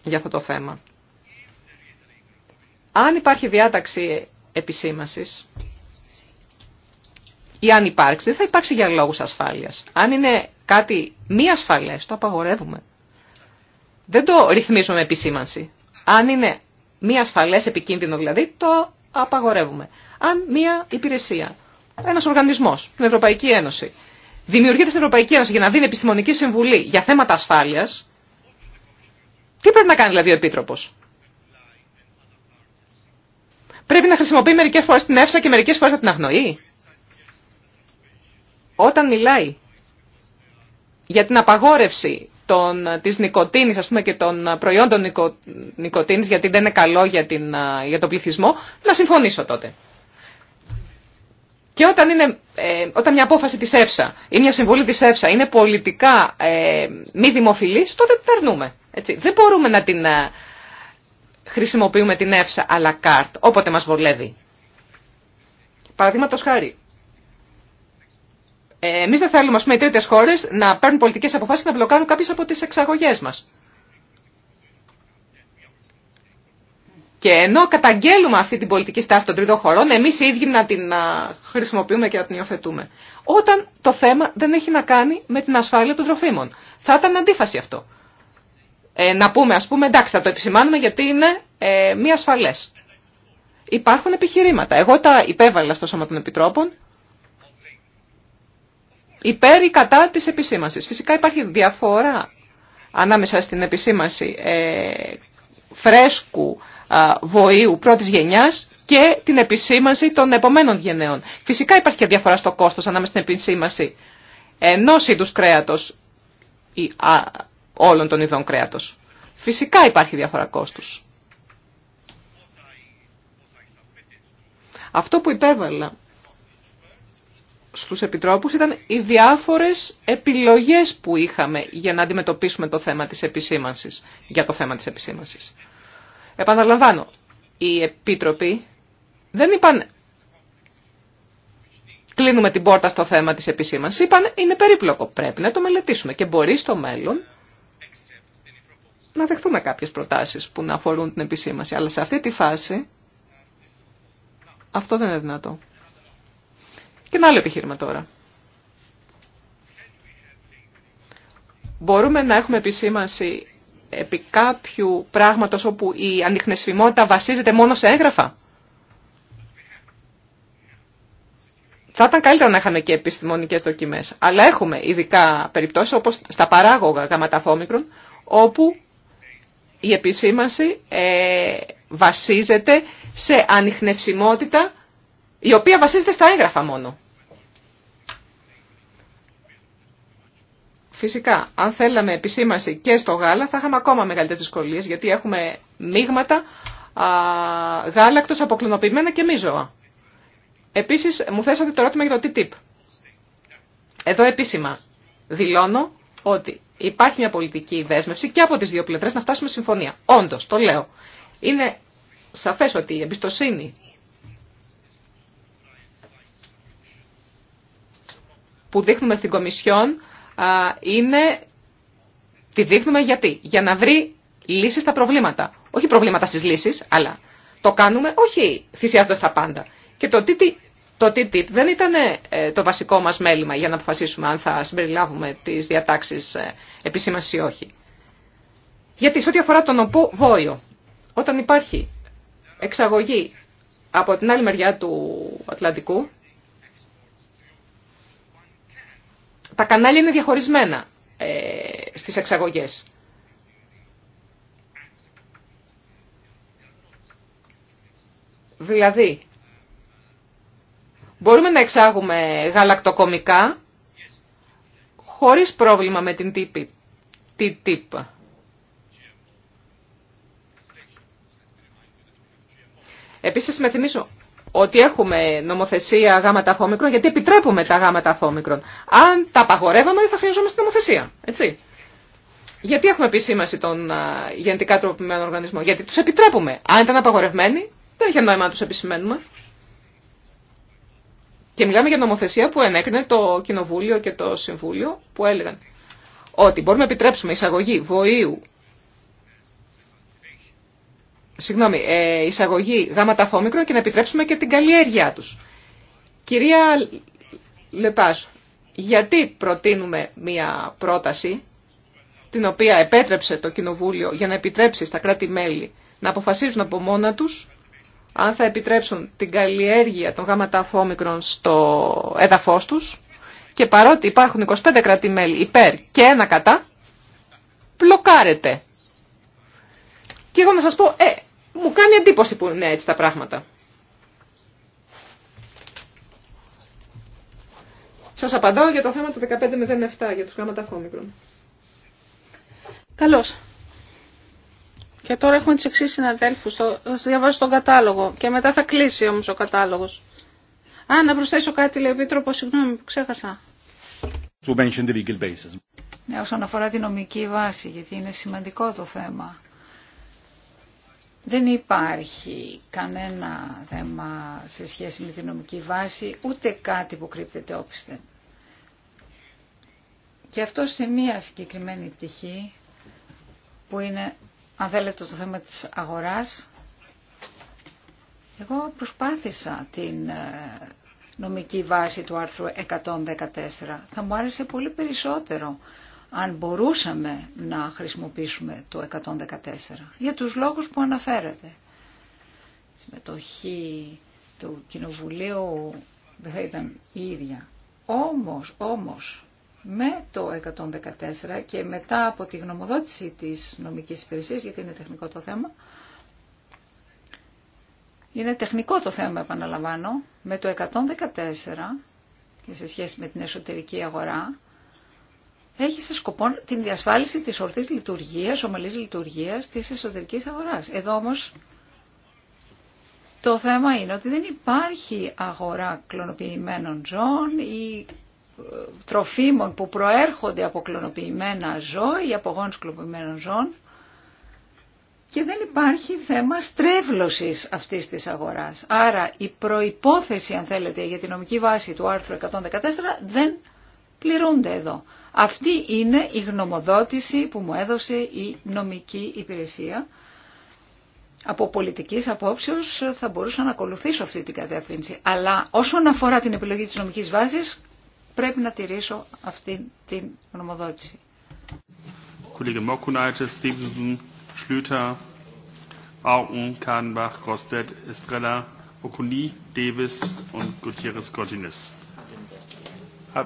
για αυτό το θέμα. Αν υπάρχει διάταξη επισήμασης ή αν υπάρξει, δεν θα υπάρξει για λόγους ασφάλειας. Αν είναι κάτι μη ασφαλές, το απαγορεύουμε. Δεν το ρυθμίζουμε με επισήμανση. Αν είναι μη ασφαλές, επικίνδυνο δηλαδή, το απαγορεύουμε. Αν μία υπηρεσία, ένας οργανισμός, την Ευρωπαϊκή Ένωση, δημιουργείται στην Ευρωπαϊκή Ένωση για να δίνει επιστημονική συμβουλή για θέματα ασφάλειας, τι πρέπει να κάνει δηλαδή ο επίτροπο. Πρέπει να χρησιμοποιεί μερικέ φορέ την εύσα και μερικέ φορέ να την αγνοεί. Όταν μιλάει για την απαγόρευση των, της νοικοτήνης ας πούμε, και των προϊόντων νικο, γιατί δεν είναι καλό για, την, για τον πληθυσμό, να συμφωνήσω τότε. Και όταν, είναι, ε, όταν μια απόφαση της ΕΦΣΑ ή μια συμβολή της ΕΦΣΑ είναι πολιτικά ε, μη δημοφιλής, τότε την αρνούμε. Έτσι. Δεν μπορούμε να την ε, χρησιμοποιούμε την ΕΦΣΑ à la carte, όποτε μας βολεύει. Παραδείγματο χάρη. Ε, Εμεί δεν θέλουμε, α πούμε, οι τρίτε χώρε να παίρνουν πολιτικέ αποφάσει και να μπλοκάρουν κάποιε από τι εξαγωγέ μα. Και ενώ καταγγέλουμε αυτή την πολιτική στάση των τρίτων χωρών, εμείς οι ίδιοι να την χρησιμοποιούμε και να την υιοθετούμε. Όταν το θέμα δεν έχει να κάνει με την ασφάλεια των τροφίμων. Θα ήταν αντίφαση αυτό. Ε, να πούμε, ας πούμε, εντάξει, θα το επισημάνουμε γιατί είναι ε, μη ασφαλές. Υπάρχουν επιχειρήματα. Εγώ τα υπέβαλα στο Σώμα των Επιτρόπων υπέρ ή κατά της επισήμασης. Φυσικά υπάρχει διαφορά ανάμεσα στην επισήμαση ε, φρέσκου βοήου πρώτης γενιάς και την επισήμανση των επομένων γενναίων. Φυσικά υπάρχει και διαφορά στο κόστος ανάμεσα στην επισήμανση ενό είδου κρέατος ή όλων των ειδών κρέατος. Φυσικά υπάρχει διαφορά κόστους. Αυτό που υπέβαλα στους επιτρόπους ήταν οι διάφορες επιλογές που είχαμε για να αντιμετωπίσουμε το θέμα της επισήμανσης, για το θέμα της επισήμανσης. Επαναλαμβάνω, οι επίτροποι δεν είπαν κλείνουμε την πόρτα στο θέμα της επισήμανσης, είπαν είναι περίπλοκο, πρέπει να το μελετήσουμε και μπορεί στο μέλλον να δεχτούμε κάποιες προτάσεις που να αφορούν την επισήμανση. Αλλά σε αυτή τη φάση αυτό δεν είναι δυνατό. Και ένα άλλο επιχείρημα τώρα. Μπορούμε να έχουμε επισήμανση επί κάποιου πράγματος όπου η ανιχνεσφημότητα βασίζεται μόνο σε έγγραφα. Θα ήταν καλύτερο να είχαμε και επιστημονικές δοκιμές, αλλά έχουμε ειδικά περιπτώσεις όπως στα παράγωγα γαματαθόμικρων όπου η επισήμανση ε, βασίζεται σε ανιχνευσιμότητα η οποία βασίζεται στα έγγραφα μόνο. Φυσικά, αν θέλαμε επισήμαση και στο γάλα θα είχαμε ακόμα μεγαλύτερε δυσκολίε γιατί έχουμε μείγματα α, γάλακτος αποκλεινοποιημένα και ζώα. Επίσης, μου θέσατε το ερώτημα για το TTIP. Εδώ επίσημα δηλώνω ότι υπάρχει μια πολιτική δέσμευση και από τις δύο πλευρές να φτάσουμε συμφωνία. Όντω, το λέω. Είναι σαφέ ότι η εμπιστοσύνη που δείχνουμε στην Κομισιόν είναι, τη δείχνουμε γιατί. Για να βρει λύσεις στα προβλήματα. Όχι προβλήματα στις λύσεις, αλλά το κάνουμε όχι θυσιάζοντας τα πάντα. Και το τι το δεν ήταν ε, το βασικό μας μέλημα για να αποφασίσουμε αν θα συμπεριλάβουμε τις διατάξεις ε, επισήμασης ή όχι. Γιατί σε ό,τι αφορά τον οπό βόλιο, όταν υπάρχει εξαγωγή από την άλλη μεριά του Ατλαντικού, τα κανάλια είναι διαχωρισμένα ε, στις εξαγωγές. Δηλαδή, μπορούμε να εξάγουμε γαλακτοκομικά χωρίς πρόβλημα με την τύπη. Τι τύπα. Επίσης με ότι έχουμε νομοθεσία γάματα αφόμικρον, γιατί επιτρέπουμε τα γάματα αφόμικρον. Αν τα απαγορεύαμε, δεν θα χρειαζόμαστε νομοθεσία. Έτσι. Γιατί έχουμε επισήμαση των γενετικά τροποποιημένων οργανισμών, Γιατί του επιτρέπουμε. Αν ήταν απαγορευμένοι, δεν είχε νόημα να του επισημαίνουμε. Και μιλάμε για νομοθεσία που ενέκρινε το Κοινοβούλιο και το Συμβούλιο που έλεγαν ότι μπορούμε να επιτρέψουμε εισαγωγή βοήου συγγνώμη, ε, εισαγωγή γάματα φόμικρο και να επιτρέψουμε και την καλλιέργειά τους. Κυρία λεπάσ, γιατί προτείνουμε μία πρόταση την οποία επέτρεψε το Κοινοβούλιο για να επιτρέψει στα κράτη-μέλη να αποφασίζουν από μόνα τους αν θα επιτρέψουν την καλλιέργεια των γάματα αφόμικρων στο έδαφος τους και παρότι υπάρχουν 25 κράτη-μέλη υπέρ και ένα κατά, μπλοκάρεται. Και εγώ να σας πω, ε, μου κάνει εντύπωση που είναι έτσι τα πράγματα. Σας απαντάω για το θέμα του 1507, για τους γράμματα αφόμικρων. Καλώς. Και τώρα έχουμε τις εξής συναδέλφους. Θα σας διαβάσω τον κατάλογο και μετά θα κλείσει όμως ο κατάλογος. Α, να προσθέσω κάτι, λέει ο Επίτροπο, συγγνώμη που ξέχασα. Ναι, όσον αφορά τη νομική βάση, γιατί είναι σημαντικό το θέμα. Δεν υπάρχει κανένα θέμα σε σχέση με τη νομική βάση, ούτε κάτι που κρύπτεται όπιστε. Και αυτό σε μία συγκεκριμένη πτυχή που είναι, αν θέλετε, το θέμα της αγοράς. Εγώ προσπάθησα την ε, νομική βάση του άρθρου 114. Θα μου άρεσε πολύ περισσότερο αν μπορούσαμε να χρησιμοποιήσουμε το 114 για τους λόγους που αναφέρατε. Συμμετοχή του Κοινοβουλίου δεν θα ήταν η ίδια. Όμως, όμως, με το 114 και μετά από τη γνωμοδότηση της νομικής υπηρεσίας, γιατί είναι τεχνικό το θέμα, είναι τεχνικό το θέμα, επαναλαμβάνω, με το 114 και σε σχέση με την εσωτερική αγορά, έχει σε σκοπό την διασφάλιση της ορθής λειτουργίας, ομαλής λειτουργίας της εσωτερικής αγοράς. Εδώ όμως το θέμα είναι ότι δεν υπάρχει αγορά κλωνοποιημένων ζώων ή ε, τροφίμων που προέρχονται από κλωνοποιημένα ζώα ή από γόνους κλωνοποιημένων ζώων και δεν υπάρχει θέμα στρέβλωσης αυτής της αγοράς. Άρα η προϋπόθεση, αν θέλετε, για την νομική βάση του άρθρου 114 δεν πληρούνται εδώ. Αυτή είναι η γνωμοδότηση που μου έδωσε η νομική υπηρεσία. Από πολιτικής απόψεως θα μπορούσα να ακολουθήσω αυτή την κατεύθυνση. Αλλά όσον αφορά την επιλογή της νομικής βάσης, πρέπει να τηρήσω αυτή την γνωμοδότηση.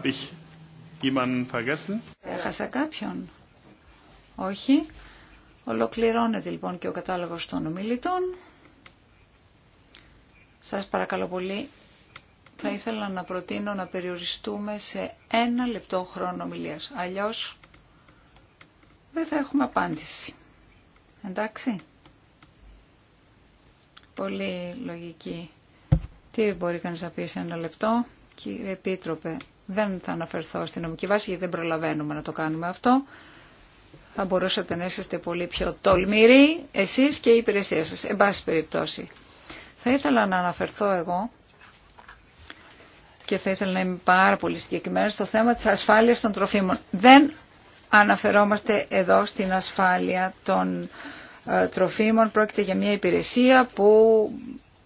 ich Έχασα κάποιον. Όχι. Ολοκληρώνεται λοιπόν και ο κατάλογος των ομιλητών. Σας παρακαλώ πολύ, θα ήθελα να προτείνω να περιοριστούμε σε ένα λεπτό χρόνο ομιλίας. Αλλιώς δεν θα έχουμε απάντηση. Εντάξει. Πολύ λογική. Τι μπορεί κανείς να πει σε ένα λεπτό. Κύριε Επίτροπε, δεν θα αναφερθώ στην νομική βάση γιατί δεν προλαβαίνουμε να το κάνουμε αυτό. Θα μπορούσατε να είσαστε πολύ πιο τολμηροί εσείς και η υπηρεσία σας, εν πάση περιπτώσει. Θα ήθελα να αναφερθώ εγώ και θα ήθελα να είμαι πάρα πολύ συγκεκριμένη στο θέμα της ασφάλειας των τροφίμων. Δεν αναφερόμαστε εδώ στην ασφάλεια των ε, τροφίμων. Πρόκειται για μια υπηρεσία που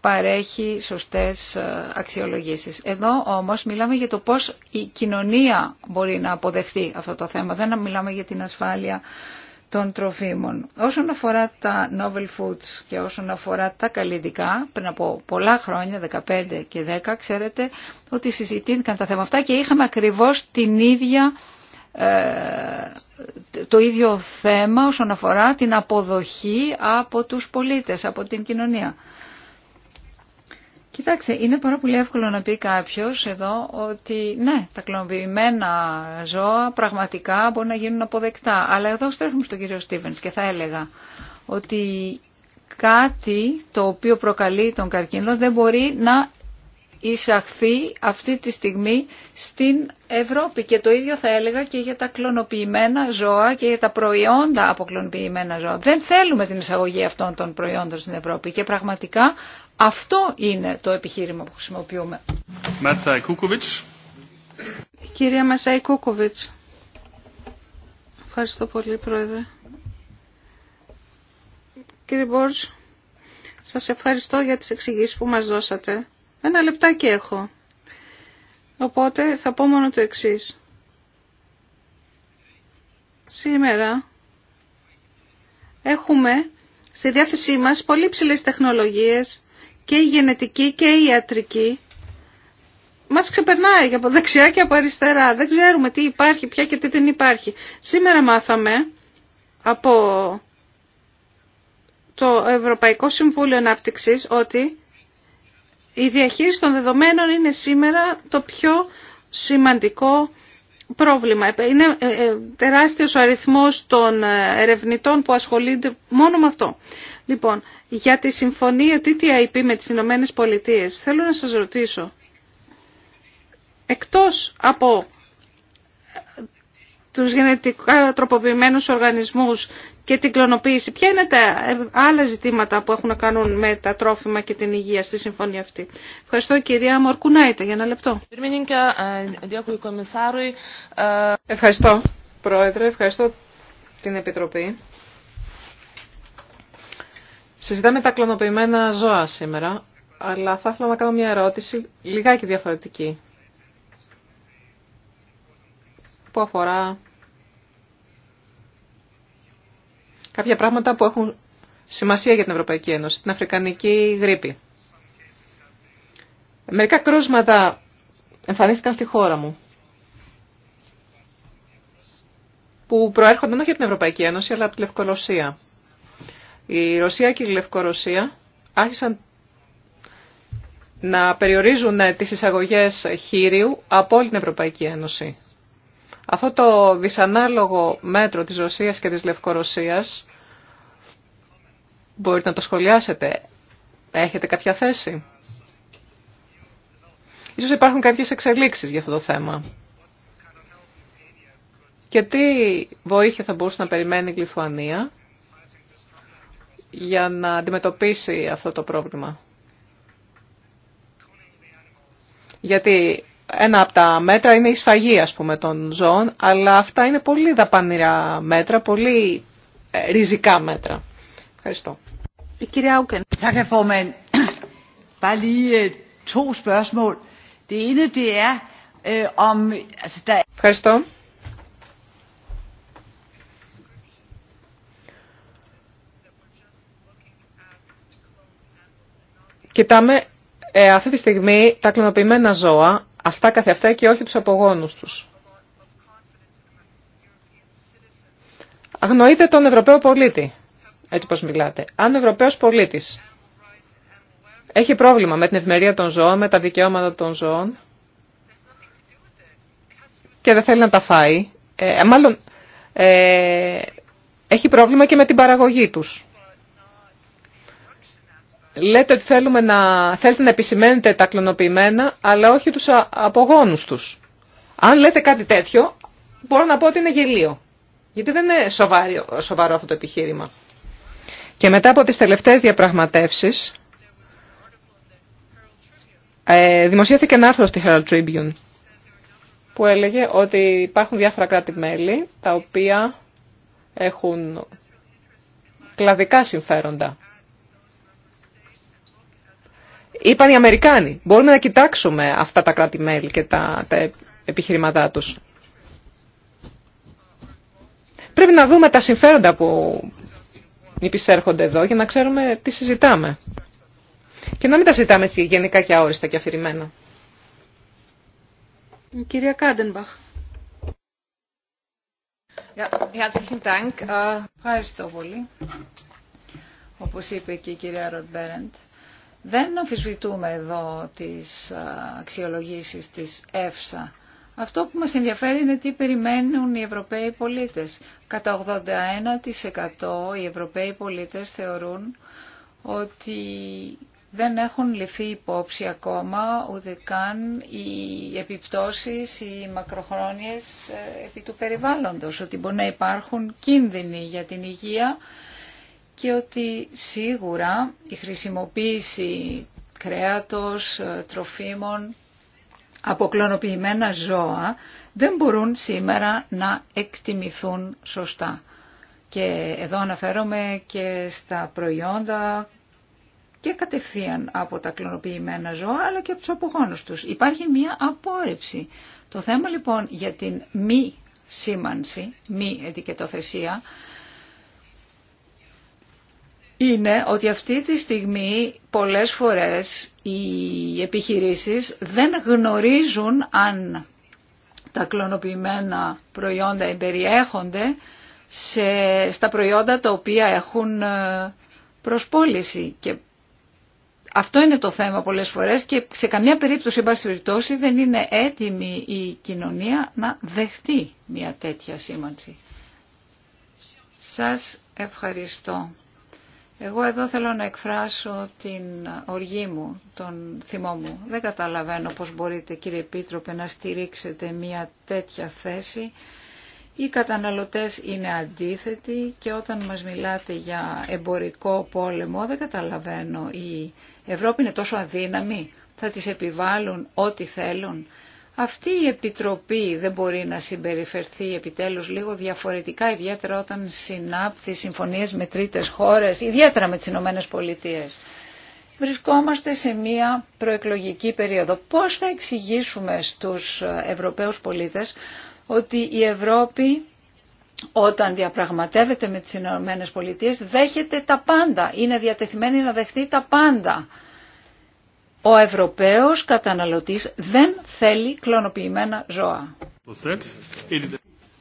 παρέχει σωστές ε, αξιολογήσεις. Εδώ όμως μιλάμε για το πώς η κοινωνία μπορεί να αποδεχθεί αυτό το θέμα. Δεν μιλάμε για την ασφάλεια των τροφίμων. Όσον αφορά τα novel foods και όσον αφορά τα καλλιτικά, πριν από πολλά χρόνια, 15 και 10, ξέρετε ότι συζητήθηκαν τα θέματα αυτά και είχαμε ακριβώς την ίδια, ε, το ίδιο θέμα όσον αφορά την αποδοχή από τους πολίτες, από την κοινωνία. Κοιτάξτε, είναι πάρα πολύ εύκολο να πει κάποιο εδώ ότι ναι, τα κλωνοποιημένα ζώα πραγματικά μπορούν να γίνουν αποδεκτά. Αλλά εδώ στρέφουμε στον κύριο Στίβεν και θα έλεγα ότι κάτι το οποίο προκαλεί τον καρκίνο δεν μπορεί να εισαχθεί αυτή τη στιγμή στην Ευρώπη. Και το ίδιο θα έλεγα και για τα κλωνοποιημένα ζώα και για τα προϊόντα από κλωνοποιημένα ζώα. Δεν θέλουμε την εισαγωγή αυτών των προϊόντων στην Ευρώπη και πραγματικά αυτό είναι το επιχείρημα που χρησιμοποιούμε. Ματσάι Κούκοβιτς. Κυρία Ματσάι Κούκοβιτς. Ευχαριστώ πολύ, Πρόεδρε. Κύριε Μπόρζ, σας ευχαριστώ για τις εξηγήσεις που μας δώσατε. Ένα λεπτάκι έχω. Οπότε θα πω μόνο το εξής. Σήμερα έχουμε στη διάθεσή μας πολύ ψηλές τεχνολογίες, και η γενετική και η ιατρική μας ξεπερνάει από δεξιά και από αριστερά. Δεν ξέρουμε τι υπάρχει πια και τι δεν υπάρχει. Σήμερα μάθαμε από το Ευρωπαϊκό Συμβούλιο Ανάπτυξης ότι η διαχείριση των δεδομένων είναι σήμερα το πιο σημαντικό πρόβλημα. Είναι ε, ε, τεράστιος ο αριθμός των ε, ερευνητών που ασχολούνται μόνο με αυτό. Λοιπόν, για τη συμφωνία TTIP με τις Ηνωμένε Πολιτείε, θέλω να σας ρωτήσω, εκτός από ε, τους γενετικά τροποποιημένους οργανισμούς και την κλωνοποίηση, ποια είναι τα ε, άλλα ζητήματα που έχουν να κάνουν με τα τρόφιμα και την υγεία στη συμφωνία αυτή. Ευχαριστώ κυρία Μορκουνάιτε για ένα λεπτό. E, e, ευχαριστώ πρόεδρε, ευχαριστώ την Επιτροπή. Συζητάμε τα κλωνοποιημένα ζώα σήμερα, αλλά θα ήθελα να κάνω μια ερώτηση λιγάκι διαφορετική που αφορά κάποια πράγματα που έχουν σημασία για την Ευρωπαϊκή Ένωση, την Αφρικανική γρήπη. Μερικά κρούσματα εμφανίστηκαν στη χώρα μου που προέρχονταν όχι από την Ευρωπαϊκή Ένωση αλλά από τη Λευκολοσία. Η Ρωσία και η Λευκορωσία άρχισαν να περιορίζουν ε, τις εισαγωγές χείριου από όλη την Ευρωπαϊκή Ένωση. Αυτό το δυσανάλογο μέτρο της Ρωσίας και της Λευκορωσίας μπορείτε να το σχολιάσετε. Έχετε κάποια θέση. Ίσως υπάρχουν κάποιες εξελίξεις για αυτό το θέμα. Και τι βοήθεια θα μπορούσε να περιμένει η Λιθουανία για να αντιμετωπίσει αυτό το πρόβλημα. Γιατί ένα από τα μέτρα είναι η σφαγή ας πούμε των ζώων, αλλά αυτά είναι πολύ δαπανηρά μέτρα, πολύ ε, ριζικά μέτρα. Ευχαριστώ. Η κυρία Ευχαριστώ. Κοιτάμε ε, αυτή τη στιγμή τα κλωνοποιημένα ζώα, αυτά καθε και όχι τους απογόνους τους. Αγνοείτε τον Ευρωπαίο πολίτη, έτσι πως μιλάτε. Αν ο Ευρωπαίος πολίτης έχει πρόβλημα με την ευμερία των ζώων, με τα δικαιώματα των ζώων και δεν θέλει να τα φάει, ε, μάλλον ε, έχει πρόβλημα και με την παραγωγή τους. Λέτε ότι θέλουμε να, θέλετε να επισημαίνετε τα κλωνοποιημένα, αλλά όχι τους απογόνους τους. Αν λέτε κάτι τέτοιο, μπορώ να πω ότι είναι γελίο. Γιατί δεν είναι σοβαρό, σοβαρό αυτό το επιχείρημα. Και μετά από τις τελευταίες διαπραγματεύσεις, ε, δημοσιεύθηκε ένα άρθρο στη Herald Tribune που έλεγε ότι υπάρχουν διάφορα κράτη-μέλη τα οποία έχουν κλαδικά συμφέροντα Είπαν οι Αμερικάνοι. Μπορούμε να κοιτάξουμε αυτά τα κράτη-μέλη και τα, τα επιχειρήματά τους. Πρέπει να δούμε τα συμφέροντα που υπησέρχονται εδώ για να ξέρουμε τι συζητάμε. Και να μην τα συζητάμε έτσι γενικά και αόριστα και αφηρημένα. κυρία Κάντενμπαχ. Ευχαριστώ πολύ. Όπως είπε και η κυρία Ροτ δεν αμφισβητούμε εδώ τις αξιολογήσεις της ΕΦΣΑ. Αυτό που μας ενδιαφέρει είναι τι περιμένουν οι Ευρωπαίοι πολίτες. Κατά 81% οι Ευρωπαίοι πολίτες θεωρούν ότι δεν έχουν λυθεί υπόψη ακόμα ούτε καν οι επιπτώσεις, οι μακροχρόνιες ε, επί του περιβάλλοντος, ότι μπορεί να υπάρχουν κίνδυνοι για την υγεία και ότι σίγουρα η χρησιμοποίηση κρέατος, ε, τροφίμων από ζώα δεν μπορούν σήμερα να εκτιμηθούν σωστά. Και εδώ αναφέρομαι και στα προϊόντα και κατευθείαν από τα κλωνοποιημένα ζώα αλλά και από τους απογόνους τους. Υπάρχει μία απόρριψη. Το θέμα λοιπόν για την μη σήμανση, μη ετικετοθεσία, είναι ότι αυτή τη στιγμή πολλές φορές οι επιχειρήσεις δεν γνωρίζουν αν τα κλωνοποιημένα προϊόντα εμπεριέχονται σε, στα προϊόντα τα οποία έχουν ε, προσπόληση. Και αυτό είναι το θέμα πολλές φορές και σε καμιά περίπτωση, περιπτώσει, δεν είναι έτοιμη η κοινωνία να δεχτεί μια τέτοια σήμανση. Σας ευχαριστώ. Εγώ εδώ θέλω να εκφράσω την οργή μου, τον θυμό μου. Δεν καταλαβαίνω πώς μπορείτε κύριε Επίτροπε να στηρίξετε μια τέτοια θέση. Οι καταναλωτές είναι αντίθετοι και όταν μας μιλάτε για εμπορικό πόλεμο δεν καταλαβαίνω. Η Ευρώπη είναι τόσο αδύναμη, θα τις επιβάλλουν ό,τι θέλουν. Αυτή η Επιτροπή δεν μπορεί να συμπεριφερθεί επιτέλους λίγο διαφορετικά, ιδιαίτερα όταν συνάπτει συμφωνίες με τρίτες χώρες, ιδιαίτερα με τις Ηνωμένες Πολιτείες. Βρισκόμαστε σε μία προεκλογική περίοδο. Πώς θα εξηγήσουμε στους Ευρωπαίους πολίτες ότι η Ευρώπη όταν διαπραγματεύεται με τις Ηνωμένες Πολιτείες δέχεται τα πάντα, είναι διατεθειμένη να δεχτεί τα πάντα. Ο Ευρωπαίος καταναλωτής δεν θέλει κλωνοποιημένα ζώα.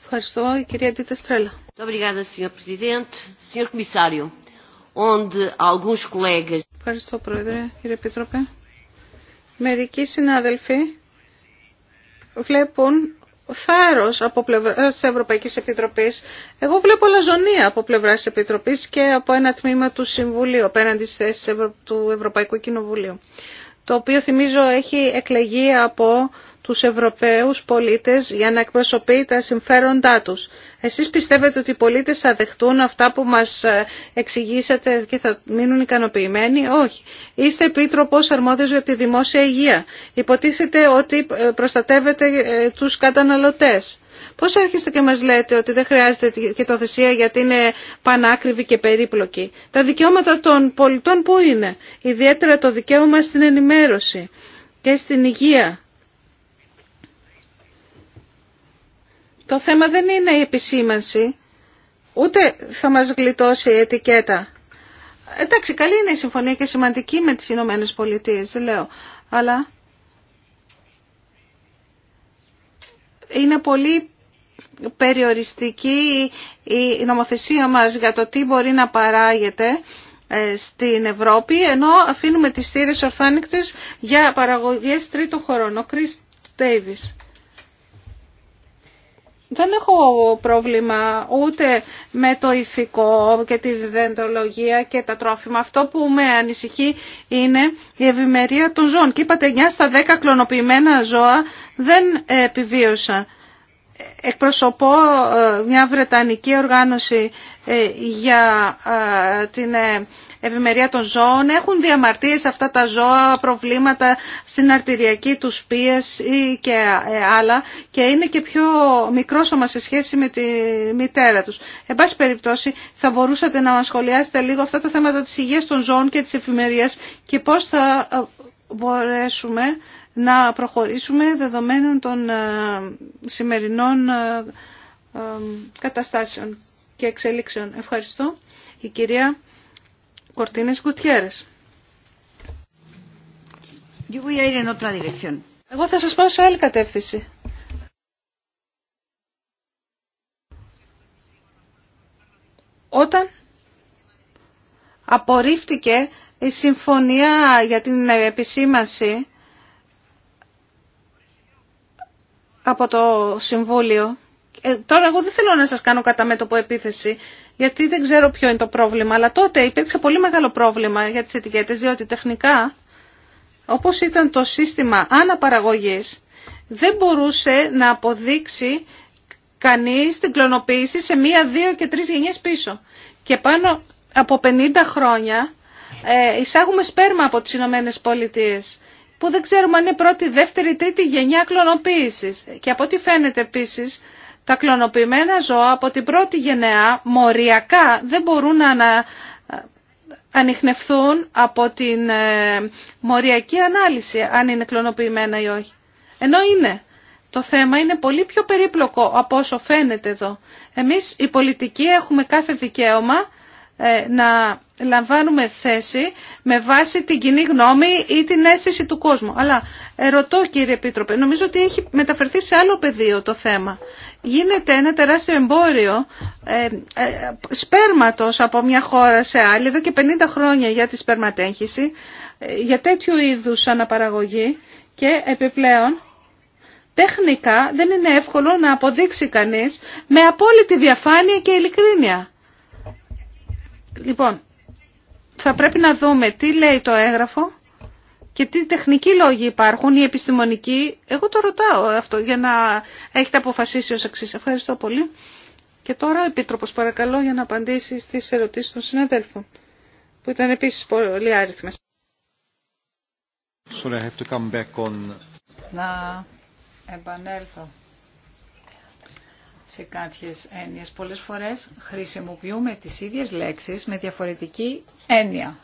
Ευχαριστώ, η κυρία Στρέλα. Ευχαριστώ, Πρόεδρε, κύριε Επίτροπε. Μερικοί συνάδελφοι βλέπουν θάρρος από πλευρά της Ευρωπαϊκής Επιτροπής. Εγώ βλέπω λαζονία από πλευρά της Επιτροπής και από ένα τμήμα του Συμβουλίου απέναντι στις θέσεις του Ευρωπαϊκού Κοινοβουλίου το οποίο θυμίζω έχει εκλεγεί από τους Ευρωπαίους πολίτες για να εκπροσωπεί τα συμφέροντά τους. Εσείς πιστεύετε ότι οι πολίτες θα δεχτούν αυτά που μας ε, εξηγήσατε και θα μείνουν ικανοποιημένοι. Όχι. Είστε επίτροπος αρμόδιος για τη δημόσια υγεία. Υποτίθεται ότι ε, προστατεύετε ε, τους καταναλωτές. Πώς έρχεστε και μας λέτε ότι δεν χρειάζεται και το γιατί είναι πανάκριβη και περίπλοκη. Τα δικαιώματα των πολιτών πού είναι. Ιδιαίτερα το δικαίωμα στην ενημέρωση και στην υγεία. Το θέμα δεν είναι η επισήμανση, ούτε θα μας γλιτώσει η ετικέτα. Εντάξει, καλή είναι η συμφωνία και σημαντική με τις Ηνωμένε Πολιτείε, λέω. Αλλά είναι πολύ περιοριστική η νομοθεσία μας για το τι μπορεί να παράγεται ε, στην Ευρώπη, ενώ αφήνουμε τις θύρες ορθάνικτες για παραγωγές τρίτων χωρών. Ο Chris Davis. Δεν έχω πρόβλημα ούτε με το ηθικό και τη διδεντολογία και τα τρόφιμα. Αυτό που με ανησυχεί είναι η ευημερία των ζώων. Και είπατε 9 στα 10 κλωνοποιημένα ζώα δεν επιβίωσαν. Εκπροσωπώ ε, μια Βρετανική οργάνωση ε, για ε, την ευημερία των ζώων. Έχουν σε αυτά τα ζώα, προβλήματα στην αρτηριακή τους πίεση και ε, άλλα και είναι και πιο μικρό σώμα σε σχέση με τη μητέρα τους. Εν πάση περιπτώσει θα μπορούσατε να μας σχολιάσετε λίγο αυτά τα θέματα της υγείας των ζώων και της ευημερίας και πώς θα ε, μπορέσουμε να προχωρήσουμε δεδομένων των ε, σημερινών καταστάσεων και εξελίξεων. Ευχαριστώ. Η κυρία Κορτίνες Γκουτιέρες. Εγώ θα σας πάω σε άλλη κατεύθυνση. Όταν απορρίφθηκε η συμφωνία για την επισήμανση από το Συμβούλιο ε, τώρα εγώ δεν θέλω να σας κάνω κατά μέτωπο επίθεση, γιατί δεν ξέρω ποιο είναι το πρόβλημα, αλλά τότε υπήρξε πολύ μεγάλο πρόβλημα για τις ετικέτες, διότι τεχνικά, όπως ήταν το σύστημα αναπαραγωγής, δεν μπορούσε να αποδείξει κανείς την κλωνοποίηση σε μία, δύο και τρεις γενιές πίσω. Και πάνω από 50 χρόνια ε, εισάγουμε σπέρμα από τις Ηνωμένε Πολιτείες που δεν ξέρουμε αν είναι πρώτη, δεύτερη, τρίτη γενιά κλωνοποίησης. Και από ό,τι φαίνεται επίσης τα κλωνοποιημένα ζώα από την πρώτη γενεά μοριακά δεν μπορούν να ανοιχνευθούν από την ε, μοριακή ανάλυση αν είναι κλωνοποιημένα ή όχι. Ενώ είναι. Το θέμα είναι πολύ πιο περίπλοκο από όσο φαίνεται εδώ. Εμείς οι πολιτικοί έχουμε κάθε δικαίωμα ε, να λαμβάνουμε θέση με βάση την κοινή γνώμη ή την αίσθηση του κόσμου. Αλλά ρωτώ κύριε Επίτροπε, νομίζω ότι έχει μεταφερθεί σε άλλο πεδίο το θέμα. Γίνεται ένα τεράστιο εμπόριο ε, ε σπέρματος από μια χώρα σε άλλη, εδώ και 50 χρόνια για τη σπερματέγχυση, ε, για τέτοιου είδους αναπαραγωγή και επιπλέον τεχνικά δεν είναι εύκολο να αποδείξει κανείς με απόλυτη διαφάνεια και ειλικρίνεια. Λοιπόν, θα πρέπει να δούμε τι λέει το έγγραφο και τι τεχνικοί λόγοι υπάρχουν, οι επιστημονικοί. Εγώ το ρωτάω αυτό για να έχετε αποφασίσει ως εξής. Ευχαριστώ πολύ. Και τώρα ο Επίτροπος παρακαλώ για να απαντήσει στις ερωτήσεις των συναδέλφων που ήταν επίσης πολύ άριθμες. Sorry, I have to come back on... Να επανέλθω σε κάποιες έννοιες. Πολλές φορές χρησιμοποιούμε τις ίδιες λέξεις με διαφορετική έννοια.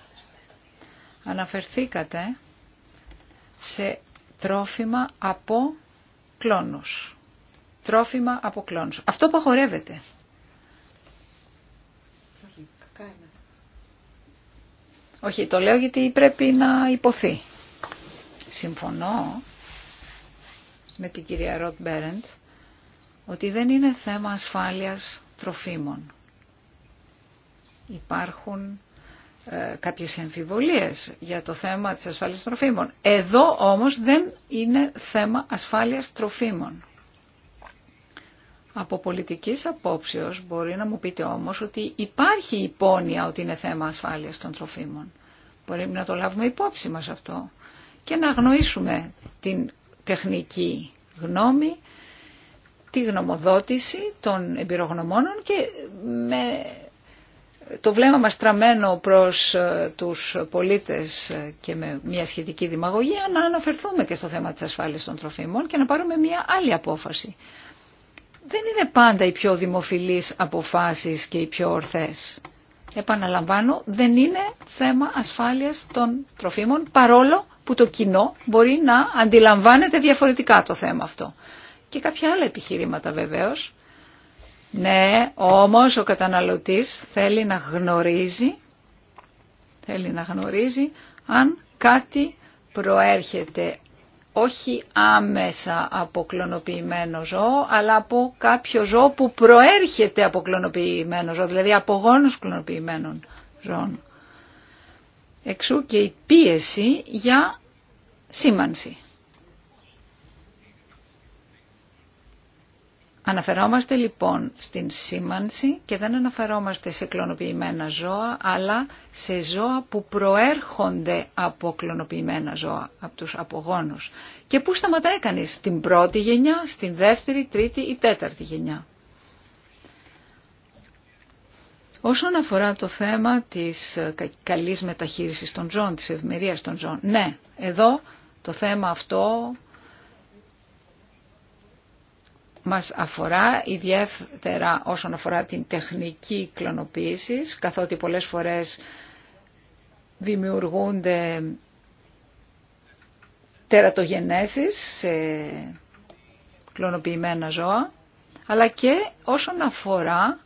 Αναφερθήκατε σε τρόφιμα από κλόνους. Τρόφιμα από κλόνους. Αυτό απαγορεύεται. Όχι, το λέω γιατί πρέπει να υποθεί. Συμφωνώ με την κυρία Ροτ Μπέρεντ ότι δεν είναι θέμα ασφάλειας τροφίμων. Υπάρχουν ε, κάποιες εμφιβολίες για το θέμα της ασφάλειας τροφίμων. Εδώ όμως δεν είναι θέμα ασφάλειας τροφίμων. Από πολιτικής απόψεως μπορεί να μου πείτε όμως ότι υπάρχει υπόνοια ότι είναι θέμα ασφάλειας των τροφίμων. Μπορεί να το λάβουμε υπόψη μας αυτό και να αγνοήσουμε την τεχνική γνώμη τη γνωμοδότηση των εμπειρογνωμόνων και με το βλέμμα μας τραμμένο προς ε, τους πολίτες και με μια σχετική δημαγωγία να αναφερθούμε και στο θέμα της ασφάλειας των τροφίμων και να πάρουμε μια άλλη απόφαση. Δεν είναι πάντα οι πιο δημοφιλείς αποφάσεις και οι πιο ορθές. Επαναλαμβάνω, δεν είναι θέμα ασφάλειας των τροφίμων παρόλο που το κοινό μπορεί να αντιλαμβάνεται διαφορετικά το θέμα αυτό και κάποια άλλα επιχειρήματα βεβαίως. Ναι, όμως ο καταναλωτής θέλει να γνωρίζει, θέλει να γνωρίζει αν κάτι προέρχεται όχι άμεσα από κλωνοποιημένο ζώο, αλλά από κάποιο ζώο που προέρχεται από κλωνοποιημένο ζώο, δηλαδή από γόνους κλωνοποιημένων ζώων. Εξού και η πίεση για σήμανση. Αναφερόμαστε λοιπόν στην σήμανση και δεν αναφερόμαστε σε κλωνοποιημένα ζώα, αλλά σε ζώα που προέρχονται από κλωνοποιημένα ζώα, από τους απογόνους. Και πού σταματάει κανείς, στην πρώτη γενιά, στην δεύτερη, τρίτη ή τέταρτη γενιά. Όσον αφορά το θέμα της καλής μεταχείρισης των ζώων, της ευμερίας των ζώων, ναι, εδώ το θέμα αυτό μας αφορά, ιδιαίτερα όσον αφορά την τεχνική κλωνοποίηση, καθότι πολλές φορές δημιουργούνται τερατογενέσεις σε κλωνοποιημένα ζώα, αλλά και όσον αφορά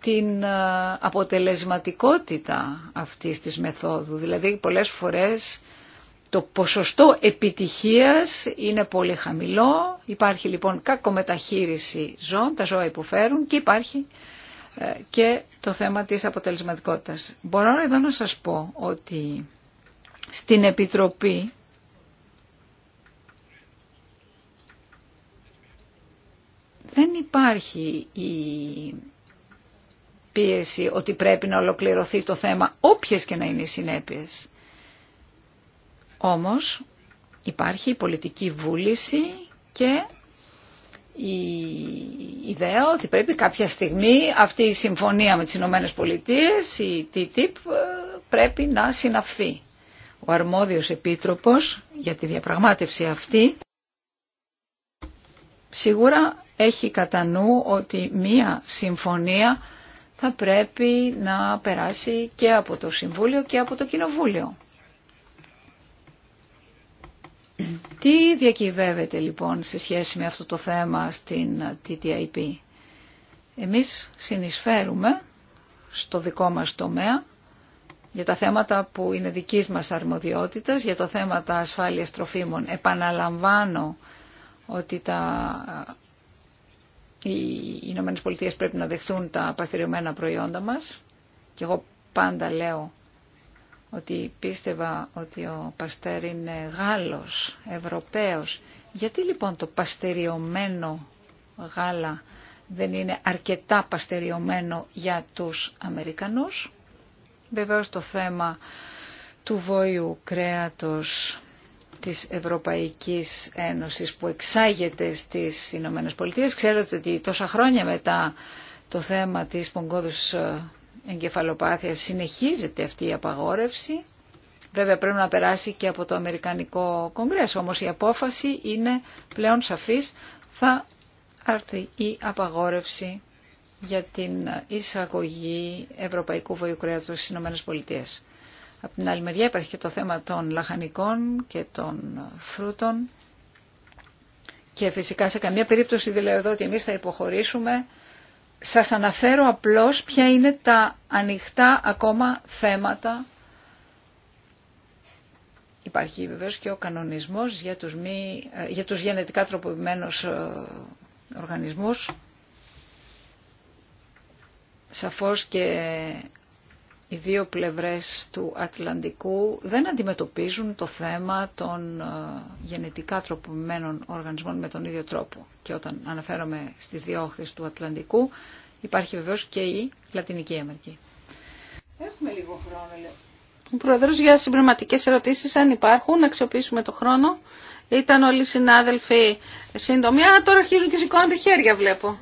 την ε, αποτελεσματικότητα αυτής της μεθόδου. Δηλαδή πολλές φορές το ποσοστό επιτυχίας είναι πολύ χαμηλό, υπάρχει λοιπόν κακομεταχείριση ζώων, τα ζώα υποφέρουν και υπάρχει ε, και το θέμα της αποτελεσματικότητας. Μπορώ εδώ να σας πω ότι στην Επιτροπή δεν υπάρχει η πίεση ότι πρέπει να ολοκληρωθεί το θέμα όποιες και να είναι οι συνέπειες. Όμως υπάρχει η πολιτική βούληση και η ιδέα ότι πρέπει κάποια στιγμή αυτή η συμφωνία με τις Ηνωμένε Πολιτείες, η TTIP, ε, πρέπει να συναυθεί. Ο αρμόδιος επίτροπος για τη διαπραγμάτευση αυτή σίγουρα έχει κατά νου ότι μία συμφωνία θα πρέπει να περάσει και από το Συμβούλιο και από το Κοινοβούλιο. Τι διακυβεύεται λοιπόν σε σχέση με αυτό το θέμα στην TTIP. Εμείς συνεισφέρουμε στο δικό μας τομέα για τα θέματα που είναι δικής μας αρμοδιότητας, για τα θέματα ασφάλειας τροφίμων. Επαναλαμβάνω ότι τα... οι Ηνωμένε πολιτείες πρέπει να δεχθούν τα παστηριωμένα προϊόντα μας και εγώ πάντα λέω ότι πίστευα ότι ο Παστέρ είναι Γάλλος, Ευρωπαίος. Γιατί λοιπόν το παστεριωμένο γάλα δεν είναι αρκετά παστεριωμένο για τους Αμερικανούς. Βεβαίως το θέμα του βόηου κρέατος της Ευρωπαϊκής Ένωσης που εξάγεται στις Ηνωμένες Πολιτείες. Ξέρετε ότι τόσα χρόνια μετά το θέμα της πογκόδους ε, εγκεφαλοπάθεια συνεχίζεται αυτή η απαγόρευση. Βέβαια πρέπει να περάσει και από το Αμερικανικό Κογκρέσο, όμως η απόφαση είναι πλέον σαφής. Θα έρθει η απαγόρευση για την εισαγωγή ευρωπαϊκού βοηουκρέατος στις Ηνωμένες Πολιτείες. Από την άλλη μεριά υπάρχει και το θέμα των λαχανικών και των φρούτων και φυσικά σε καμία περίπτωση δηλαδή εδώ ότι εμείς θα υποχωρήσουμε σας αναφέρω απλώς ποια είναι τα ανοιχτά ακόμα θέματα. Υπάρχει βεβαίως και ο κανονισμός για τους, μη, ε, για τους γενετικά τροποποιημένους ε, οργανισμούς. Σαφώς και οι δύο πλευρές του Ατλαντικού δεν αντιμετωπίζουν το θέμα των ε, γενετικά τροποποιημένων οργανισμών με τον ίδιο τρόπο. Και όταν αναφέρομαι στις δύο όχθες του Ατλαντικού υπάρχει βεβαίως και η Λατινική Αμερική. Έχουμε λίγο χρόνο, λέω. Ο Πρόεδρος για συμπληρωματικές ερωτήσεις αν υπάρχουν, να αξιοποιήσουμε το χρόνο. Ήταν όλοι οι συνάδελφοι σύντομοι. Α, τώρα αρχίζουν και σηκώνονται χέρια βλέπω.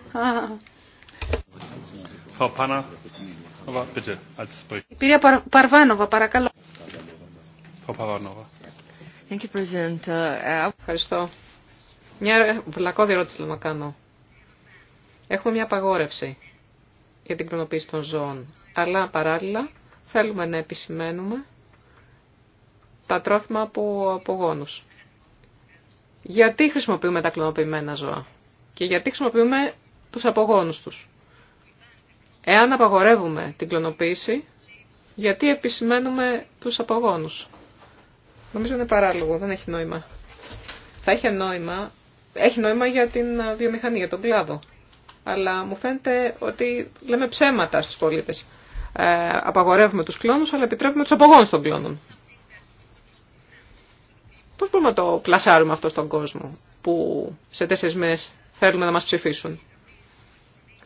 Η κυρία Παρβάνοβα, παρακαλώ. Uh, uh, Ευχαριστώ. Μια βλακώδη ερώτηση θέλω να κάνω. Έχουμε μια απαγόρευση για την κλωνοποίηση των ζώων, αλλά παράλληλα θέλουμε να επισημαίνουμε τα τρόφιμα από απογόνους. Γιατί χρησιμοποιούμε τα κλωνοποιημένα ζώα και γιατί χρησιμοποιούμε τους απογόνους τους. Εάν απαγορεύουμε την κλωνοποίηση, γιατί επισημαίνουμε τους απογόνους. Νομίζω είναι παράλογο, δεν έχει νόημα. Θα έχει νόημα, έχει νόημα για την βιομηχανία, τον κλάδο. Αλλά μου φαίνεται ότι λέμε ψέματα στους πολίτες. Ε, απαγορεύουμε τους κλόνους, αλλά επιτρέπουμε τους απογόνους των κλόνων. Πώς μπορούμε να το πλασάρουμε αυτό στον κόσμο που σε τέσσερις μέρες θέλουμε να μας ψηφίσουν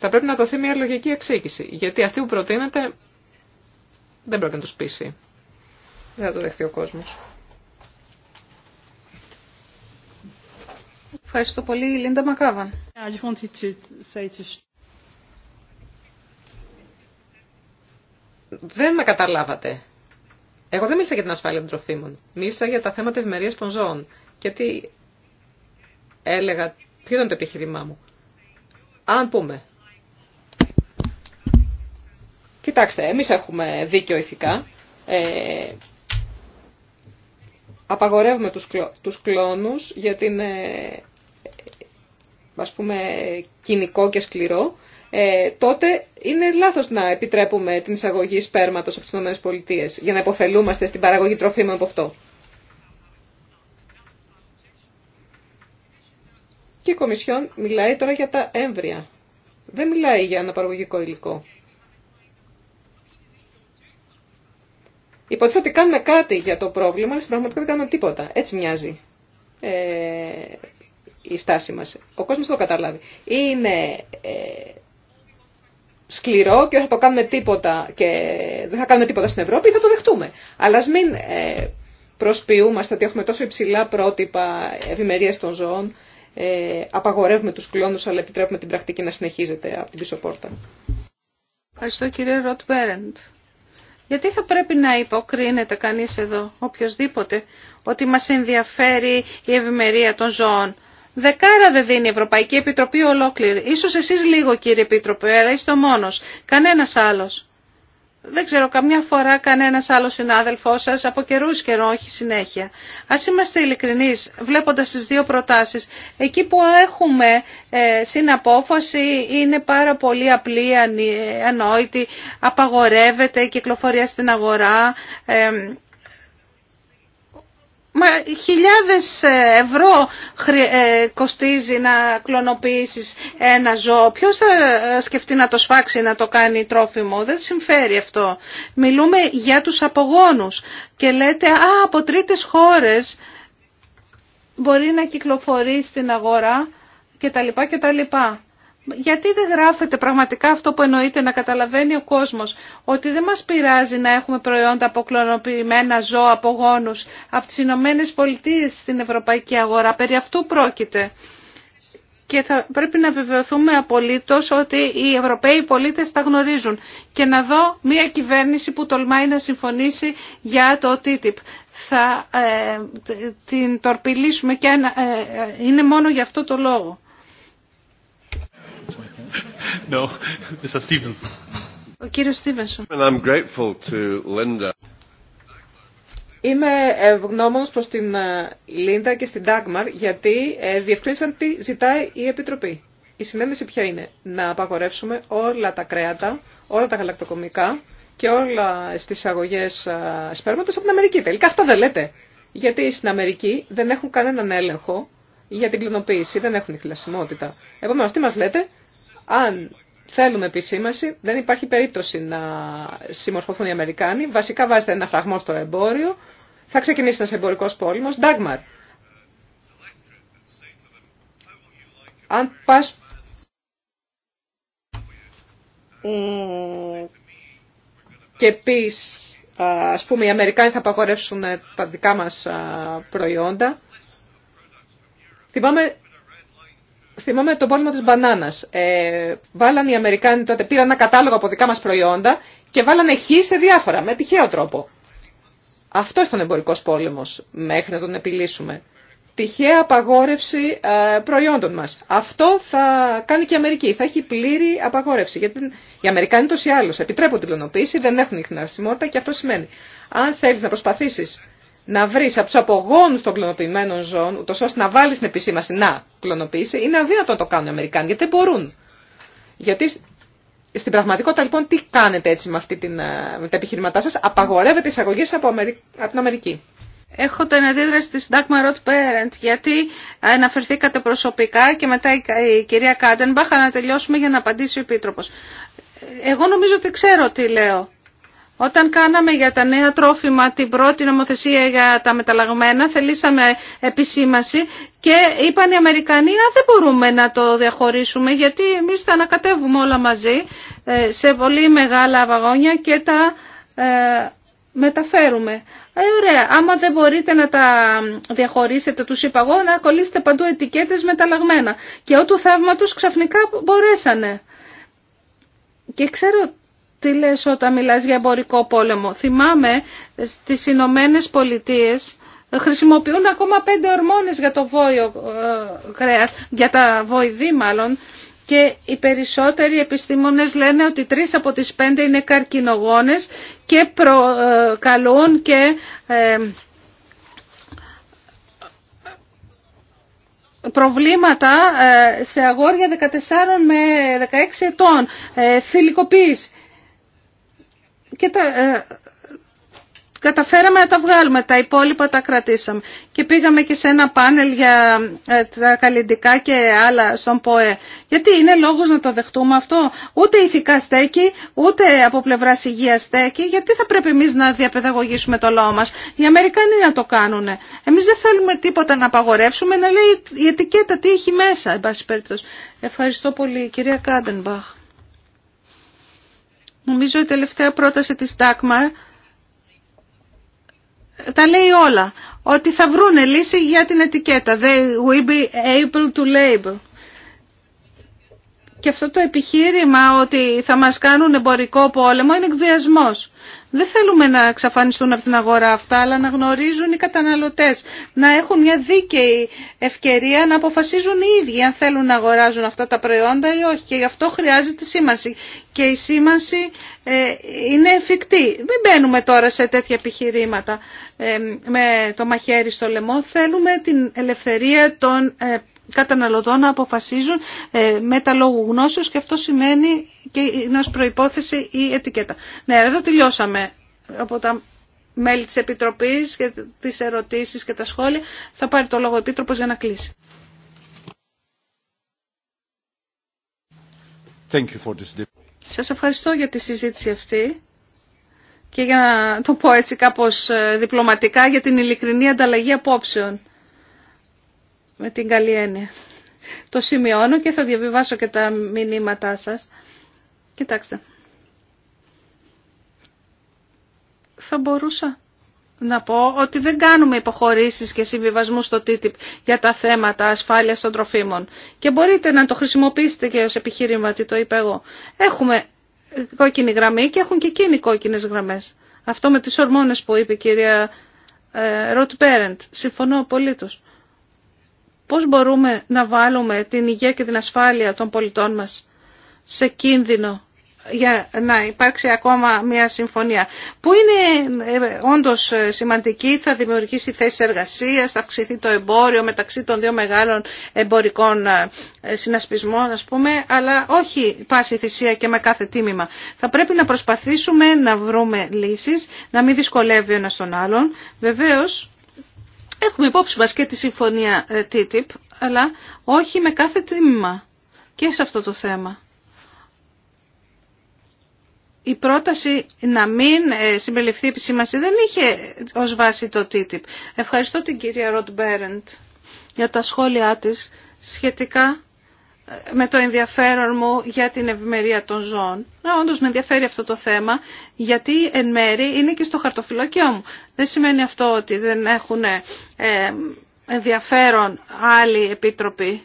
θα πρέπει να δοθεί μια λογική εξήγηση. Γιατί αυτή που προτείνεται δεν πρέπει να τους πείσει. Δεν θα το δεχτεί ο κόσμος. Ευχαριστώ πολύ, Λίντα Μακάβαν. Δεν με καταλάβατε. Εγώ δεν μίλησα για την ασφάλεια των τροφίμων. Μίλησα για τα θέματα ευημερία των ζώων. Γιατί έλεγα, ποιο ήταν το επιχείρημά μου. Αν πούμε κοιτάξτε, εμείς έχουμε δίκιο ηθικά. Ε, απαγορεύουμε τους, κλο, τους κλόνους γιατί είναι ε, ας πούμε κοινικό και σκληρό. Ε, τότε είναι λάθος να επιτρέπουμε την εισαγωγή σπέρματος από τις ΗΠΑ για να υποφελούμαστε στην παραγωγή τροφίμων από αυτό. Και η Κομισιόν μιλάει τώρα για τα έμβρια. Δεν μιλάει για αναπαραγωγικό υλικό. Υποτίθεται ότι κάνουμε κάτι για το πρόβλημα, αλλά στην πραγματικότητα δεν κάνουμε τίποτα. Έτσι μοιάζει ε, η στάση μας. Ο κόσμος το καταλάβει. Είναι ε, σκληρό και δεν θα το κάνουμε τίποτα και δεν θα κάνουμε τίποτα στην Ευρώπη ή θα το δεχτούμε. Αλλά ας μην ε, προσποιούμαστε ότι έχουμε τόσο υψηλά πρότυπα ευημερία των ζώων, ε, απαγορεύουμε τους κλόνους αλλά επιτρέπουμε την πρακτική να συνεχίζεται από την πίσω πόρτα. Ευχαριστώ κύριε Ροτ Μπέρεντ. Γιατί θα πρέπει να υποκρίνεται κανείς εδώ, οποιοδήποτε, ότι μας ενδιαφέρει η ευημερία των ζώων. Δεκάρα δεν δίνει η Ευρωπαϊκή Επιτροπή ολόκληρη. Ίσως εσείς λίγο κύριε Επίτροπε, αλλά είστε ο μόνος. Κανένας άλλος δεν ξέρω, καμιά φορά κανένας άλλος συνάδελφός σας, από καιρού καιρό, όχι συνέχεια. Ας είμαστε ειλικρινεί, βλέποντας τις δύο προτάσεις, εκεί που έχουμε ε, συναπόφαση είναι πάρα πολύ απλή, ε, ανόητη, απαγορεύεται η κυκλοφορία στην αγορά, ε, Μα χιλιάδες ε, ευρώ ε, κοστίζει να κλωνοποιήσεις ένα ζώο. Ποιος θα σκεφτεί να το σφάξει, να το κάνει τρόφιμο. Δεν συμφέρει αυτό. Μιλούμε για τους απογόνους και λέτε «Α, από τρίτες χώρες μπορεί να κυκλοφορεί στην αγορά» και τα και τα γιατί δεν γράφεται πραγματικά αυτό που εννοείται να καταλαβαίνει ο κόσμος, ότι δεν μας πειράζει να έχουμε προϊόντα αποκλωνοποιημένα ζώα, από γόνους, από τις Ηνωμένε Πολιτείε στην ευρωπαϊκή αγορά. Περί αυτού πρόκειται. Και θα πρέπει να βεβαιωθούμε απολύτως ότι οι Ευρωπαίοι πολίτες τα γνωρίζουν. Και να δω μια κυβέρνηση που τολμάει να συμφωνήσει για το TTIP. Θα ε, την τορπιλήσουμε και ε, ε, είναι μόνο για αυτό το λόγο. [laughs] No, Mr. Stevenson. Ο κύριος Στίβενσον. I'm grateful to Linda. Είμαι ευγνώμων προς την ε, Λίντα και στην Ντάγμαρ γιατί ε, διευκρίνησαν τι ζητάει η Επιτροπή. Η συνέντευξη ποια είναι. Να απαγορεύσουμε όλα τα κρέατα, όλα τα γαλακτοκομικά και όλα στις αγωγές ε, σπέρματος από την Αμερική. Τελικά αυτά δεν λέτε. Γιατί στην Αμερική δεν έχουν κανέναν έλεγχο για την κλινοποίηση, δεν έχουν η θυλασιμότητα. Επομένως, τι μας λέτε, αν θέλουμε επισήμαση, δεν υπάρχει περίπτωση να συμμορφωθούν οι Αμερικάνοι. Βασικά βάζετε ένα φραγμό στο εμπόριο, θα ξεκινήσει ένα εμπορικό πόλεμο, Ντάγμαρ. Αν πας... Και πει, ας πούμε, οι Αμερικάνοι θα απαγορεύσουν τα δικά μας προϊόντα. Θυμάμαι θυμάμαι τον πόλεμο τη Μπανάνα. Ε, βάλαν οι Αμερικάνοι τότε, πήραν ένα κατάλογο από δικά μα προϊόντα και βάλανε χ σε διάφορα, με τυχαίο τρόπο. Αυτό ήταν ο εμπορικό πόλεμο μέχρι να τον επιλύσουμε. Τυχαία απαγόρευση ε, προϊόντων μα. Αυτό θα κάνει και η Αμερική, θα έχει πλήρη απαγόρευση. Γιατί οι Αμερικάνοι τόσοι άλλους επιτρέπουν την πλωνοποίηση, δεν έχουν ειχνασιμότητα και αυτό σημαίνει. Αν θέλει να προσπαθήσει να βρει από του απογόνου των κλωνοποιημένων ζώων, ούτω ώστε να βάλει την επισήμαση να κλωνοποιήσει, είναι αδύνατο να το κάνουν οι Αμερικάνοι, γιατί δεν μπορούν. Γιατί στην πραγματικότητα λοιπόν τι κάνετε έτσι με, αυτή την, ε, με τα επιχειρηματά σα, απαγορεύετε εισαγωγές από, από την Αμερική. Έχω την αντίδραση της Dagmar Roth Parent, γιατί αναφερθήκατε προσωπικά και μετά η, κυρία Κάντενμπαχ να τελειώσουμε για να απαντήσει ο Επίτροπος. Ε, εγώ νομίζω ότι ξέρω τι λέω. Όταν κάναμε για τα νέα τρόφιμα την πρώτη νομοθεσία για τα μεταλλαγμένα, θελήσαμε επισήμαση και είπαν οι Αμερικανοί, δεν μπορούμε να το διαχωρίσουμε γιατί εμείς τα ανακατεύουμε όλα μαζί ε, σε πολύ μεγάλα βαγόνια και τα ε, μεταφέρουμε. Ε, ωραία, άμα δεν μπορείτε να τα διαχωρίσετε, τους είπα εγώ, να κολλήσετε παντού ετικέτες μεταλλαγμένα. Και ό, του θαύματος ξαφνικά μπορέσανε. Και ξέρω τι λες όταν μιλάς για εμπορικό πόλεμο. Θυμάμαι στις Ηνωμένε Πολιτείες χρησιμοποιούν ακόμα πέντε ορμόνες για το βόηο ε, κρέας, για τα βοηδή μάλλον, και οι περισσότεροι επιστήμονες λένε ότι τρεις από τις πέντε είναι καρκινογόνες και προκαλούν και ε, προβλήματα ε, σε αγόρια 14 με 16 ετών, θηλυκοποίηση και τα, ε, καταφέραμε να τα βγάλουμε, τα υπόλοιπα τα κρατήσαμε. Και πήγαμε και σε ένα πάνελ για ε, τα καλλιντικά και άλλα στον ΠΟΕ. Γιατί είναι λόγος να το δεχτούμε αυτό. Ούτε ηθικά στέκει, ούτε από πλευρά υγεία στέκει. Γιατί θα πρέπει εμεί να διαπαιδαγωγήσουμε το λαό μας. Οι Αμερικανοί να το κάνουν. Εμείς δεν θέλουμε τίποτα να απαγορεύσουμε, να λέει η ετικέτα τι έχει μέσα, εν πάση περιπτώσει. Ευχαριστώ πολύ, κυρία Κάντενμπαχ. Νομίζω η τελευταία πρόταση της Τάκμαρ τα λέει όλα. Ότι θα βρούνε λύση για την ετικέτα. They will be able to label. Και αυτό το επιχείρημα ότι θα μας κάνουν εμπορικό πόλεμο είναι εκβιασμός. Δεν θέλουμε να εξαφανιστούν από την αγορά αυτά, αλλά να γνωρίζουν οι καταναλωτές, να έχουν μια δίκαιη ευκαιρία να αποφασίζουν οι ίδιοι αν θέλουν να αγοράζουν αυτά τα προϊόντα ή όχι. Και γι' αυτό χρειάζεται σήμανση. Και η σήμανση ε, είναι εφικτή. Δεν μπαίνουμε τώρα σε τέτοια επιχειρήματα ε, με το μαχαίρι στο λαιμό. Θέλουμε την ελευθερία των ε, καταναλωτών να αποφασίζουν με τα λόγου γνώσεως και αυτό σημαίνει και είναι ως προϋπόθεση η ετικέτα. Ναι, εδώ τελειώσαμε από τα μέλη της Επιτροπής και τις ερωτήσεις και τα σχόλια. Θα πάρει το λόγο ο Επίτροπος για να κλείσει. Thank you Σας ευχαριστώ για τη συζήτηση αυτή και για να το πω έτσι κάπως ε, διπλωματικά για την ειλικρινή ανταλλαγή απόψεων με την καλή έννοια. Το σημειώνω και θα διαβιβάσω και τα μηνύματά σας. Κοιτάξτε. Θα μπορούσα να πω ότι δεν κάνουμε υποχωρήσεις και συμβιβασμούς στο TTIP για τα θέματα ασφάλειας των τροφίμων. Και μπορείτε να το χρησιμοποιήσετε και ως επιχείρημα, τι το είπα εγώ. Έχουμε κόκκινη γραμμή και έχουν και εκείνοι κόκκινες γραμμές. Αυτό με τις ορμόνες που είπε η κυρία ε, Ροτ Πέρεντ. Συμφωνώ απολύτως. Πώς μπορούμε να βάλουμε την υγεία και την ασφάλεια των πολιτών μας σε κίνδυνο για να υπάρξει ακόμα μια συμφωνία που είναι ε, όντως ε, σημαντική, θα δημιουργήσει θέσεις εργασίας, θα αυξηθεί το εμπόριο μεταξύ των δύο μεγάλων εμπορικών ε, συνασπισμών ας πούμε, αλλά όχι πάση θυσία και με κάθε τίμημα. Θα πρέπει να προσπαθήσουμε να βρούμε λύσεις, να μην δυσκολεύει ο ένας τον άλλον. Βεβαίως έχουμε υπόψη μας και τη συμφωνία TTIP, αλλά όχι με κάθε τίμημα και σε αυτό το θέμα η πρόταση να μην ε, συμπεριληφθεί επισήμαση δεν είχε ως βάση το TTIP. Ευχαριστώ την κυρία Ροτ Μπέρεντ για τα σχόλιά της σχετικά ε, με το ενδιαφέρον μου για την ευημερία των ζώων. Να, όντως με ενδιαφέρει αυτό το θέμα, γιατί εν μέρη είναι και στο χαρτοφυλακείο μου. Δεν σημαίνει αυτό ότι δεν έχουν ε, ενδιαφέρον άλλοι επίτροποι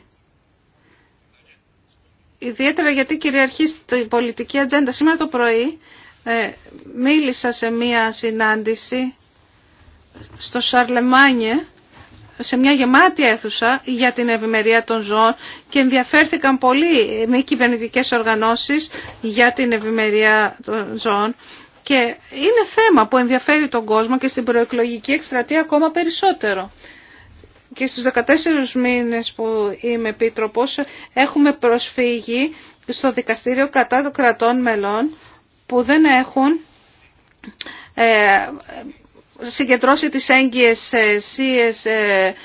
Ιδιαίτερα γιατί κυριαρχεί στην πολιτική ατζέντα. Σήμερα το πρωί ε, μίλησα σε μία συνάντηση στο Σαρλεμάνιε, σε μια γεμάτη αίθουσα για την ευημερία των ζώων και ενδιαφέρθηκαν πολύ μη κυβερνητικέ οργανώσεις για την ευημερία των ζώων και είναι θέμα που ενδιαφέρει τον κόσμο και στην προεκλογική εκστρατεία ακόμα περισσότερο και στους 14 μήνες που είμαι επίτροπος έχουμε προσφύγει στο δικαστήριο κατά των κρατών μελών που δεν έχουν ε, συγκεντρώσει τις έγκυες ε, σίες ε,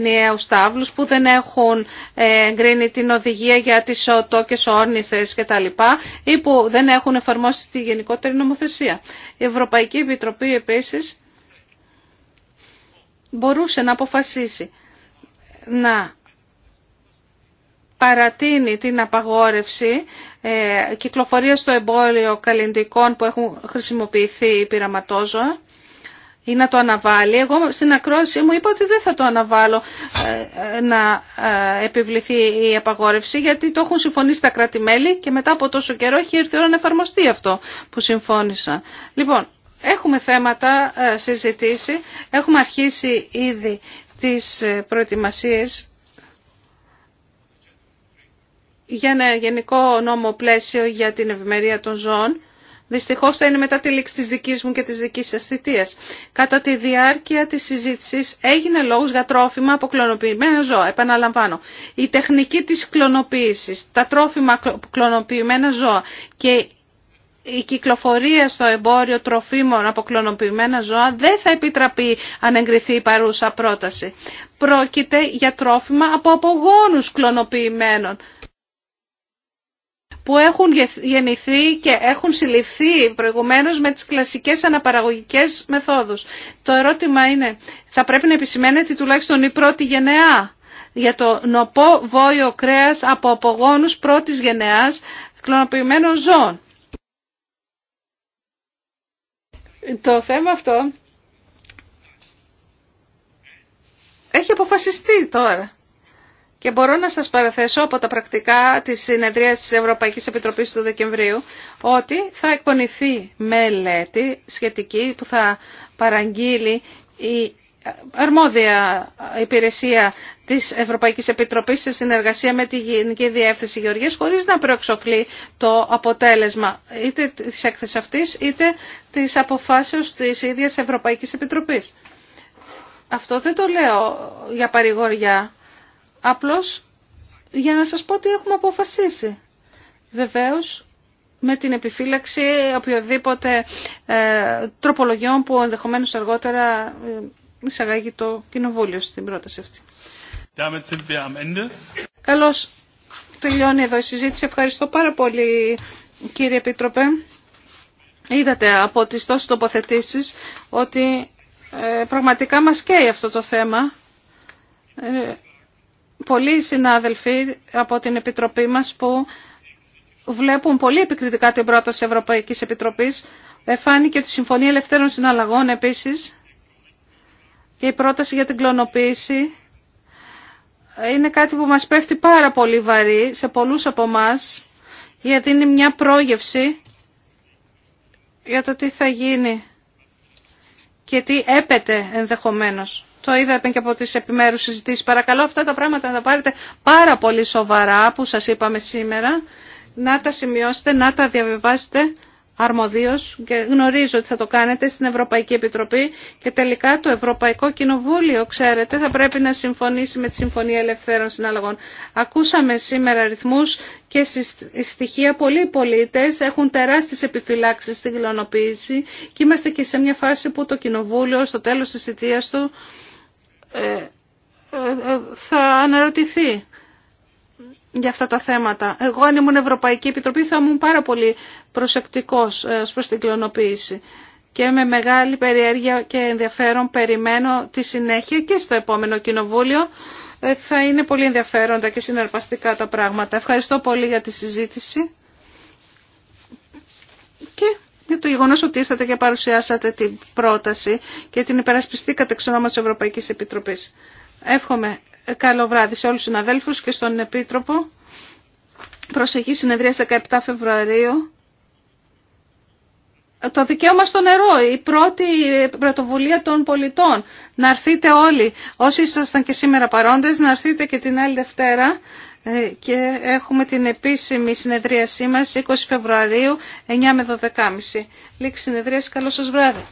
νέου τάβλους που δεν έχουν εγκρίνει την οδηγία για τις Οτόκε όρνηθες και τα λοιπά ή που δεν έχουν εφαρμόσει τη γενικότερη νομοθεσία. Η Ευρωπαϊκή Επιτροπή επίσης μπορούσε να αποφασίσει να παρατείνει την απαγόρευση ε, κυκλοφορία στο εμπόλιο καλλιντικών που έχουν χρησιμοποιηθεί οι πειραματόζωα ή να το αναβάλει. Εγώ στην ακρόαση μου είπα ότι δεν θα το αναβάλω ε, ε, να ε, επιβληθεί η απαγόρευση γιατί το έχουν συμφωνήσει τα κράτη-μέλη και μετά από τόσο καιρό έχει έρθει η ώρα να εφαρμοστεί αυτό που συμφώνησαν. Λοιπόν, Έχουμε θέματα ε, συζητήσει, έχουμε αρχίσει ήδη τις ε, προετοιμασίες για ένα γενικό νόμο πλαίσιο για την ευημερία των ζώων. Δυστυχώς θα είναι μετά τη λήξη της δικής μου και της δικής σας θητείας. Κατά τη διάρκεια της συζήτησης έγινε λόγος για τρόφιμα από κλωνοποιημένα ζώα. Επαναλαμβάνω, η τεχνική της κλωνοποίησης, τα τρόφιμα κλωνοποιημένα ζώα και η κυκλοφορία στο εμπόριο τροφίμων από κλωνοποιημένα ζώα δεν θα επιτραπεί αν εγκριθεί η παρούσα πρόταση. Πρόκειται για τρόφιμα από απογόνους κλωνοποιημένων που έχουν γεννηθεί και έχουν συλληφθεί προηγουμένως με τις κλασικές αναπαραγωγικές μεθόδους. Το ερώτημα είναι, θα πρέπει να επισημαίνεται τουλάχιστον η πρώτη γενεά για το νοπό βόηο κρέας από απογόνους πρώτης γενεάς κλωνοποιημένων ζώων. Το θέμα αυτό έχει αποφασιστεί τώρα. Και μπορώ να σας παραθέσω από τα πρακτικά της συνεδρίας της Ευρωπαϊκής Επιτροπής του Δεκεμβρίου ότι θα εκπονηθεί μελέτη σχετική που θα παραγγείλει η αρμόδια υπηρεσία της Ευρωπαϊκής Επιτροπής σε συνεργασία με τη Γενική Διεύθυνση Γεωργίας χωρίς να προεξοφλεί το αποτέλεσμα είτε της έκθεσης αυτής είτε της αποφάσεως της ίδιας Ευρωπαϊκής Επιτροπής. Αυτό δεν το λέω για παρηγοριά, απλώς για να σας πω ότι έχουμε αποφασίσει. Βεβαίως με την επιφύλαξη οποιοδήποτε ε, τροπολογιών που ενδεχομένως αργότερα ε, εισαγάγει το κοινοβούλιο στην πρόταση αυτή. Καλώς τελειώνει εδώ η συζήτηση. Ευχαριστώ πάρα πολύ κύριε Επίτροπε. Είδατε από τις τόσες τοποθετήσεις ότι ε, πραγματικά μας καίει αυτό το θέμα. Ε, πολλοί συνάδελφοι από την Επιτροπή μας που βλέπουν πολύ επικριτικά την πρόταση Ευρωπαϊκής Επιτροπής. Εφάνηκε ότι η Συμφωνία Ελευθέρων Συναλλαγών επίσης η πρόταση για την κλωνοποίηση είναι κάτι που μας πέφτει πάρα πολύ βαρύ σε πολλούς από εμά γιατί είναι μια πρόγευση για το τι θα γίνει και τι έπεται ενδεχομένως. Το είδατε και από τις επιμέρους συζητήσεις. Παρακαλώ αυτά τα πράγματα να πάρετε πάρα πολύ σοβαρά που σας είπαμε σήμερα. Να τα σημειώσετε, να τα διαβιβάσετε αρμοδίως και γνωρίζω ότι θα το κάνετε στην Ευρωπαϊκή Επιτροπή και τελικά το Ευρωπαϊκό Κοινοβούλιο, ξέρετε, θα πρέπει να συμφωνήσει με τη Συμφωνία Ελευθέρων Συναλλαγών. Ακούσαμε σήμερα αριθμούς και στοιχεία πολλοί πολίτες έχουν τεράστιες επιφυλάξεις στην κλωνοποίηση και είμαστε και σε μια φάση που το Κοινοβούλιο στο τέλος της θητείας του ε, ε, ε, θα αναρωτηθεί για αυτά τα θέματα. Εγώ αν ήμουν Ευρωπαϊκή Επιτροπή θα ήμουν πάρα πολύ προσεκτικός ε, ως προς την κλωνοποίηση. Και με μεγάλη περιέργεια και ενδιαφέρον περιμένω τη συνέχεια και στο επόμενο κοινοβούλιο ε, θα είναι πολύ ενδιαφέροντα και συναρπαστικά τα πράγματα. Ευχαριστώ πολύ για τη συζήτηση και για το γεγονός ότι ήρθατε και παρουσιάσατε την πρόταση και την υπερασπιστή εξ ονόματος Ευρωπαϊκής Επιτροπής. Εύχομαι Καλό βράδυ σε όλους τους συναδέλφους και στον Επίτροπο. Προσεχή συνεδρία 17 Φεβρουαρίου. Το δικαίωμα στο νερό, η πρώτη πρωτοβουλία των πολιτών. Να έρθείτε όλοι, όσοι ήσασταν και σήμερα παρόντες, να έρθείτε και την άλλη Δευτέρα ε, και έχουμε την επίσημη συνεδρίασή μας 20 Φεβρουαρίου 9 με 12.30. Λήξη συνεδρίαση, καλό σας βράδυ.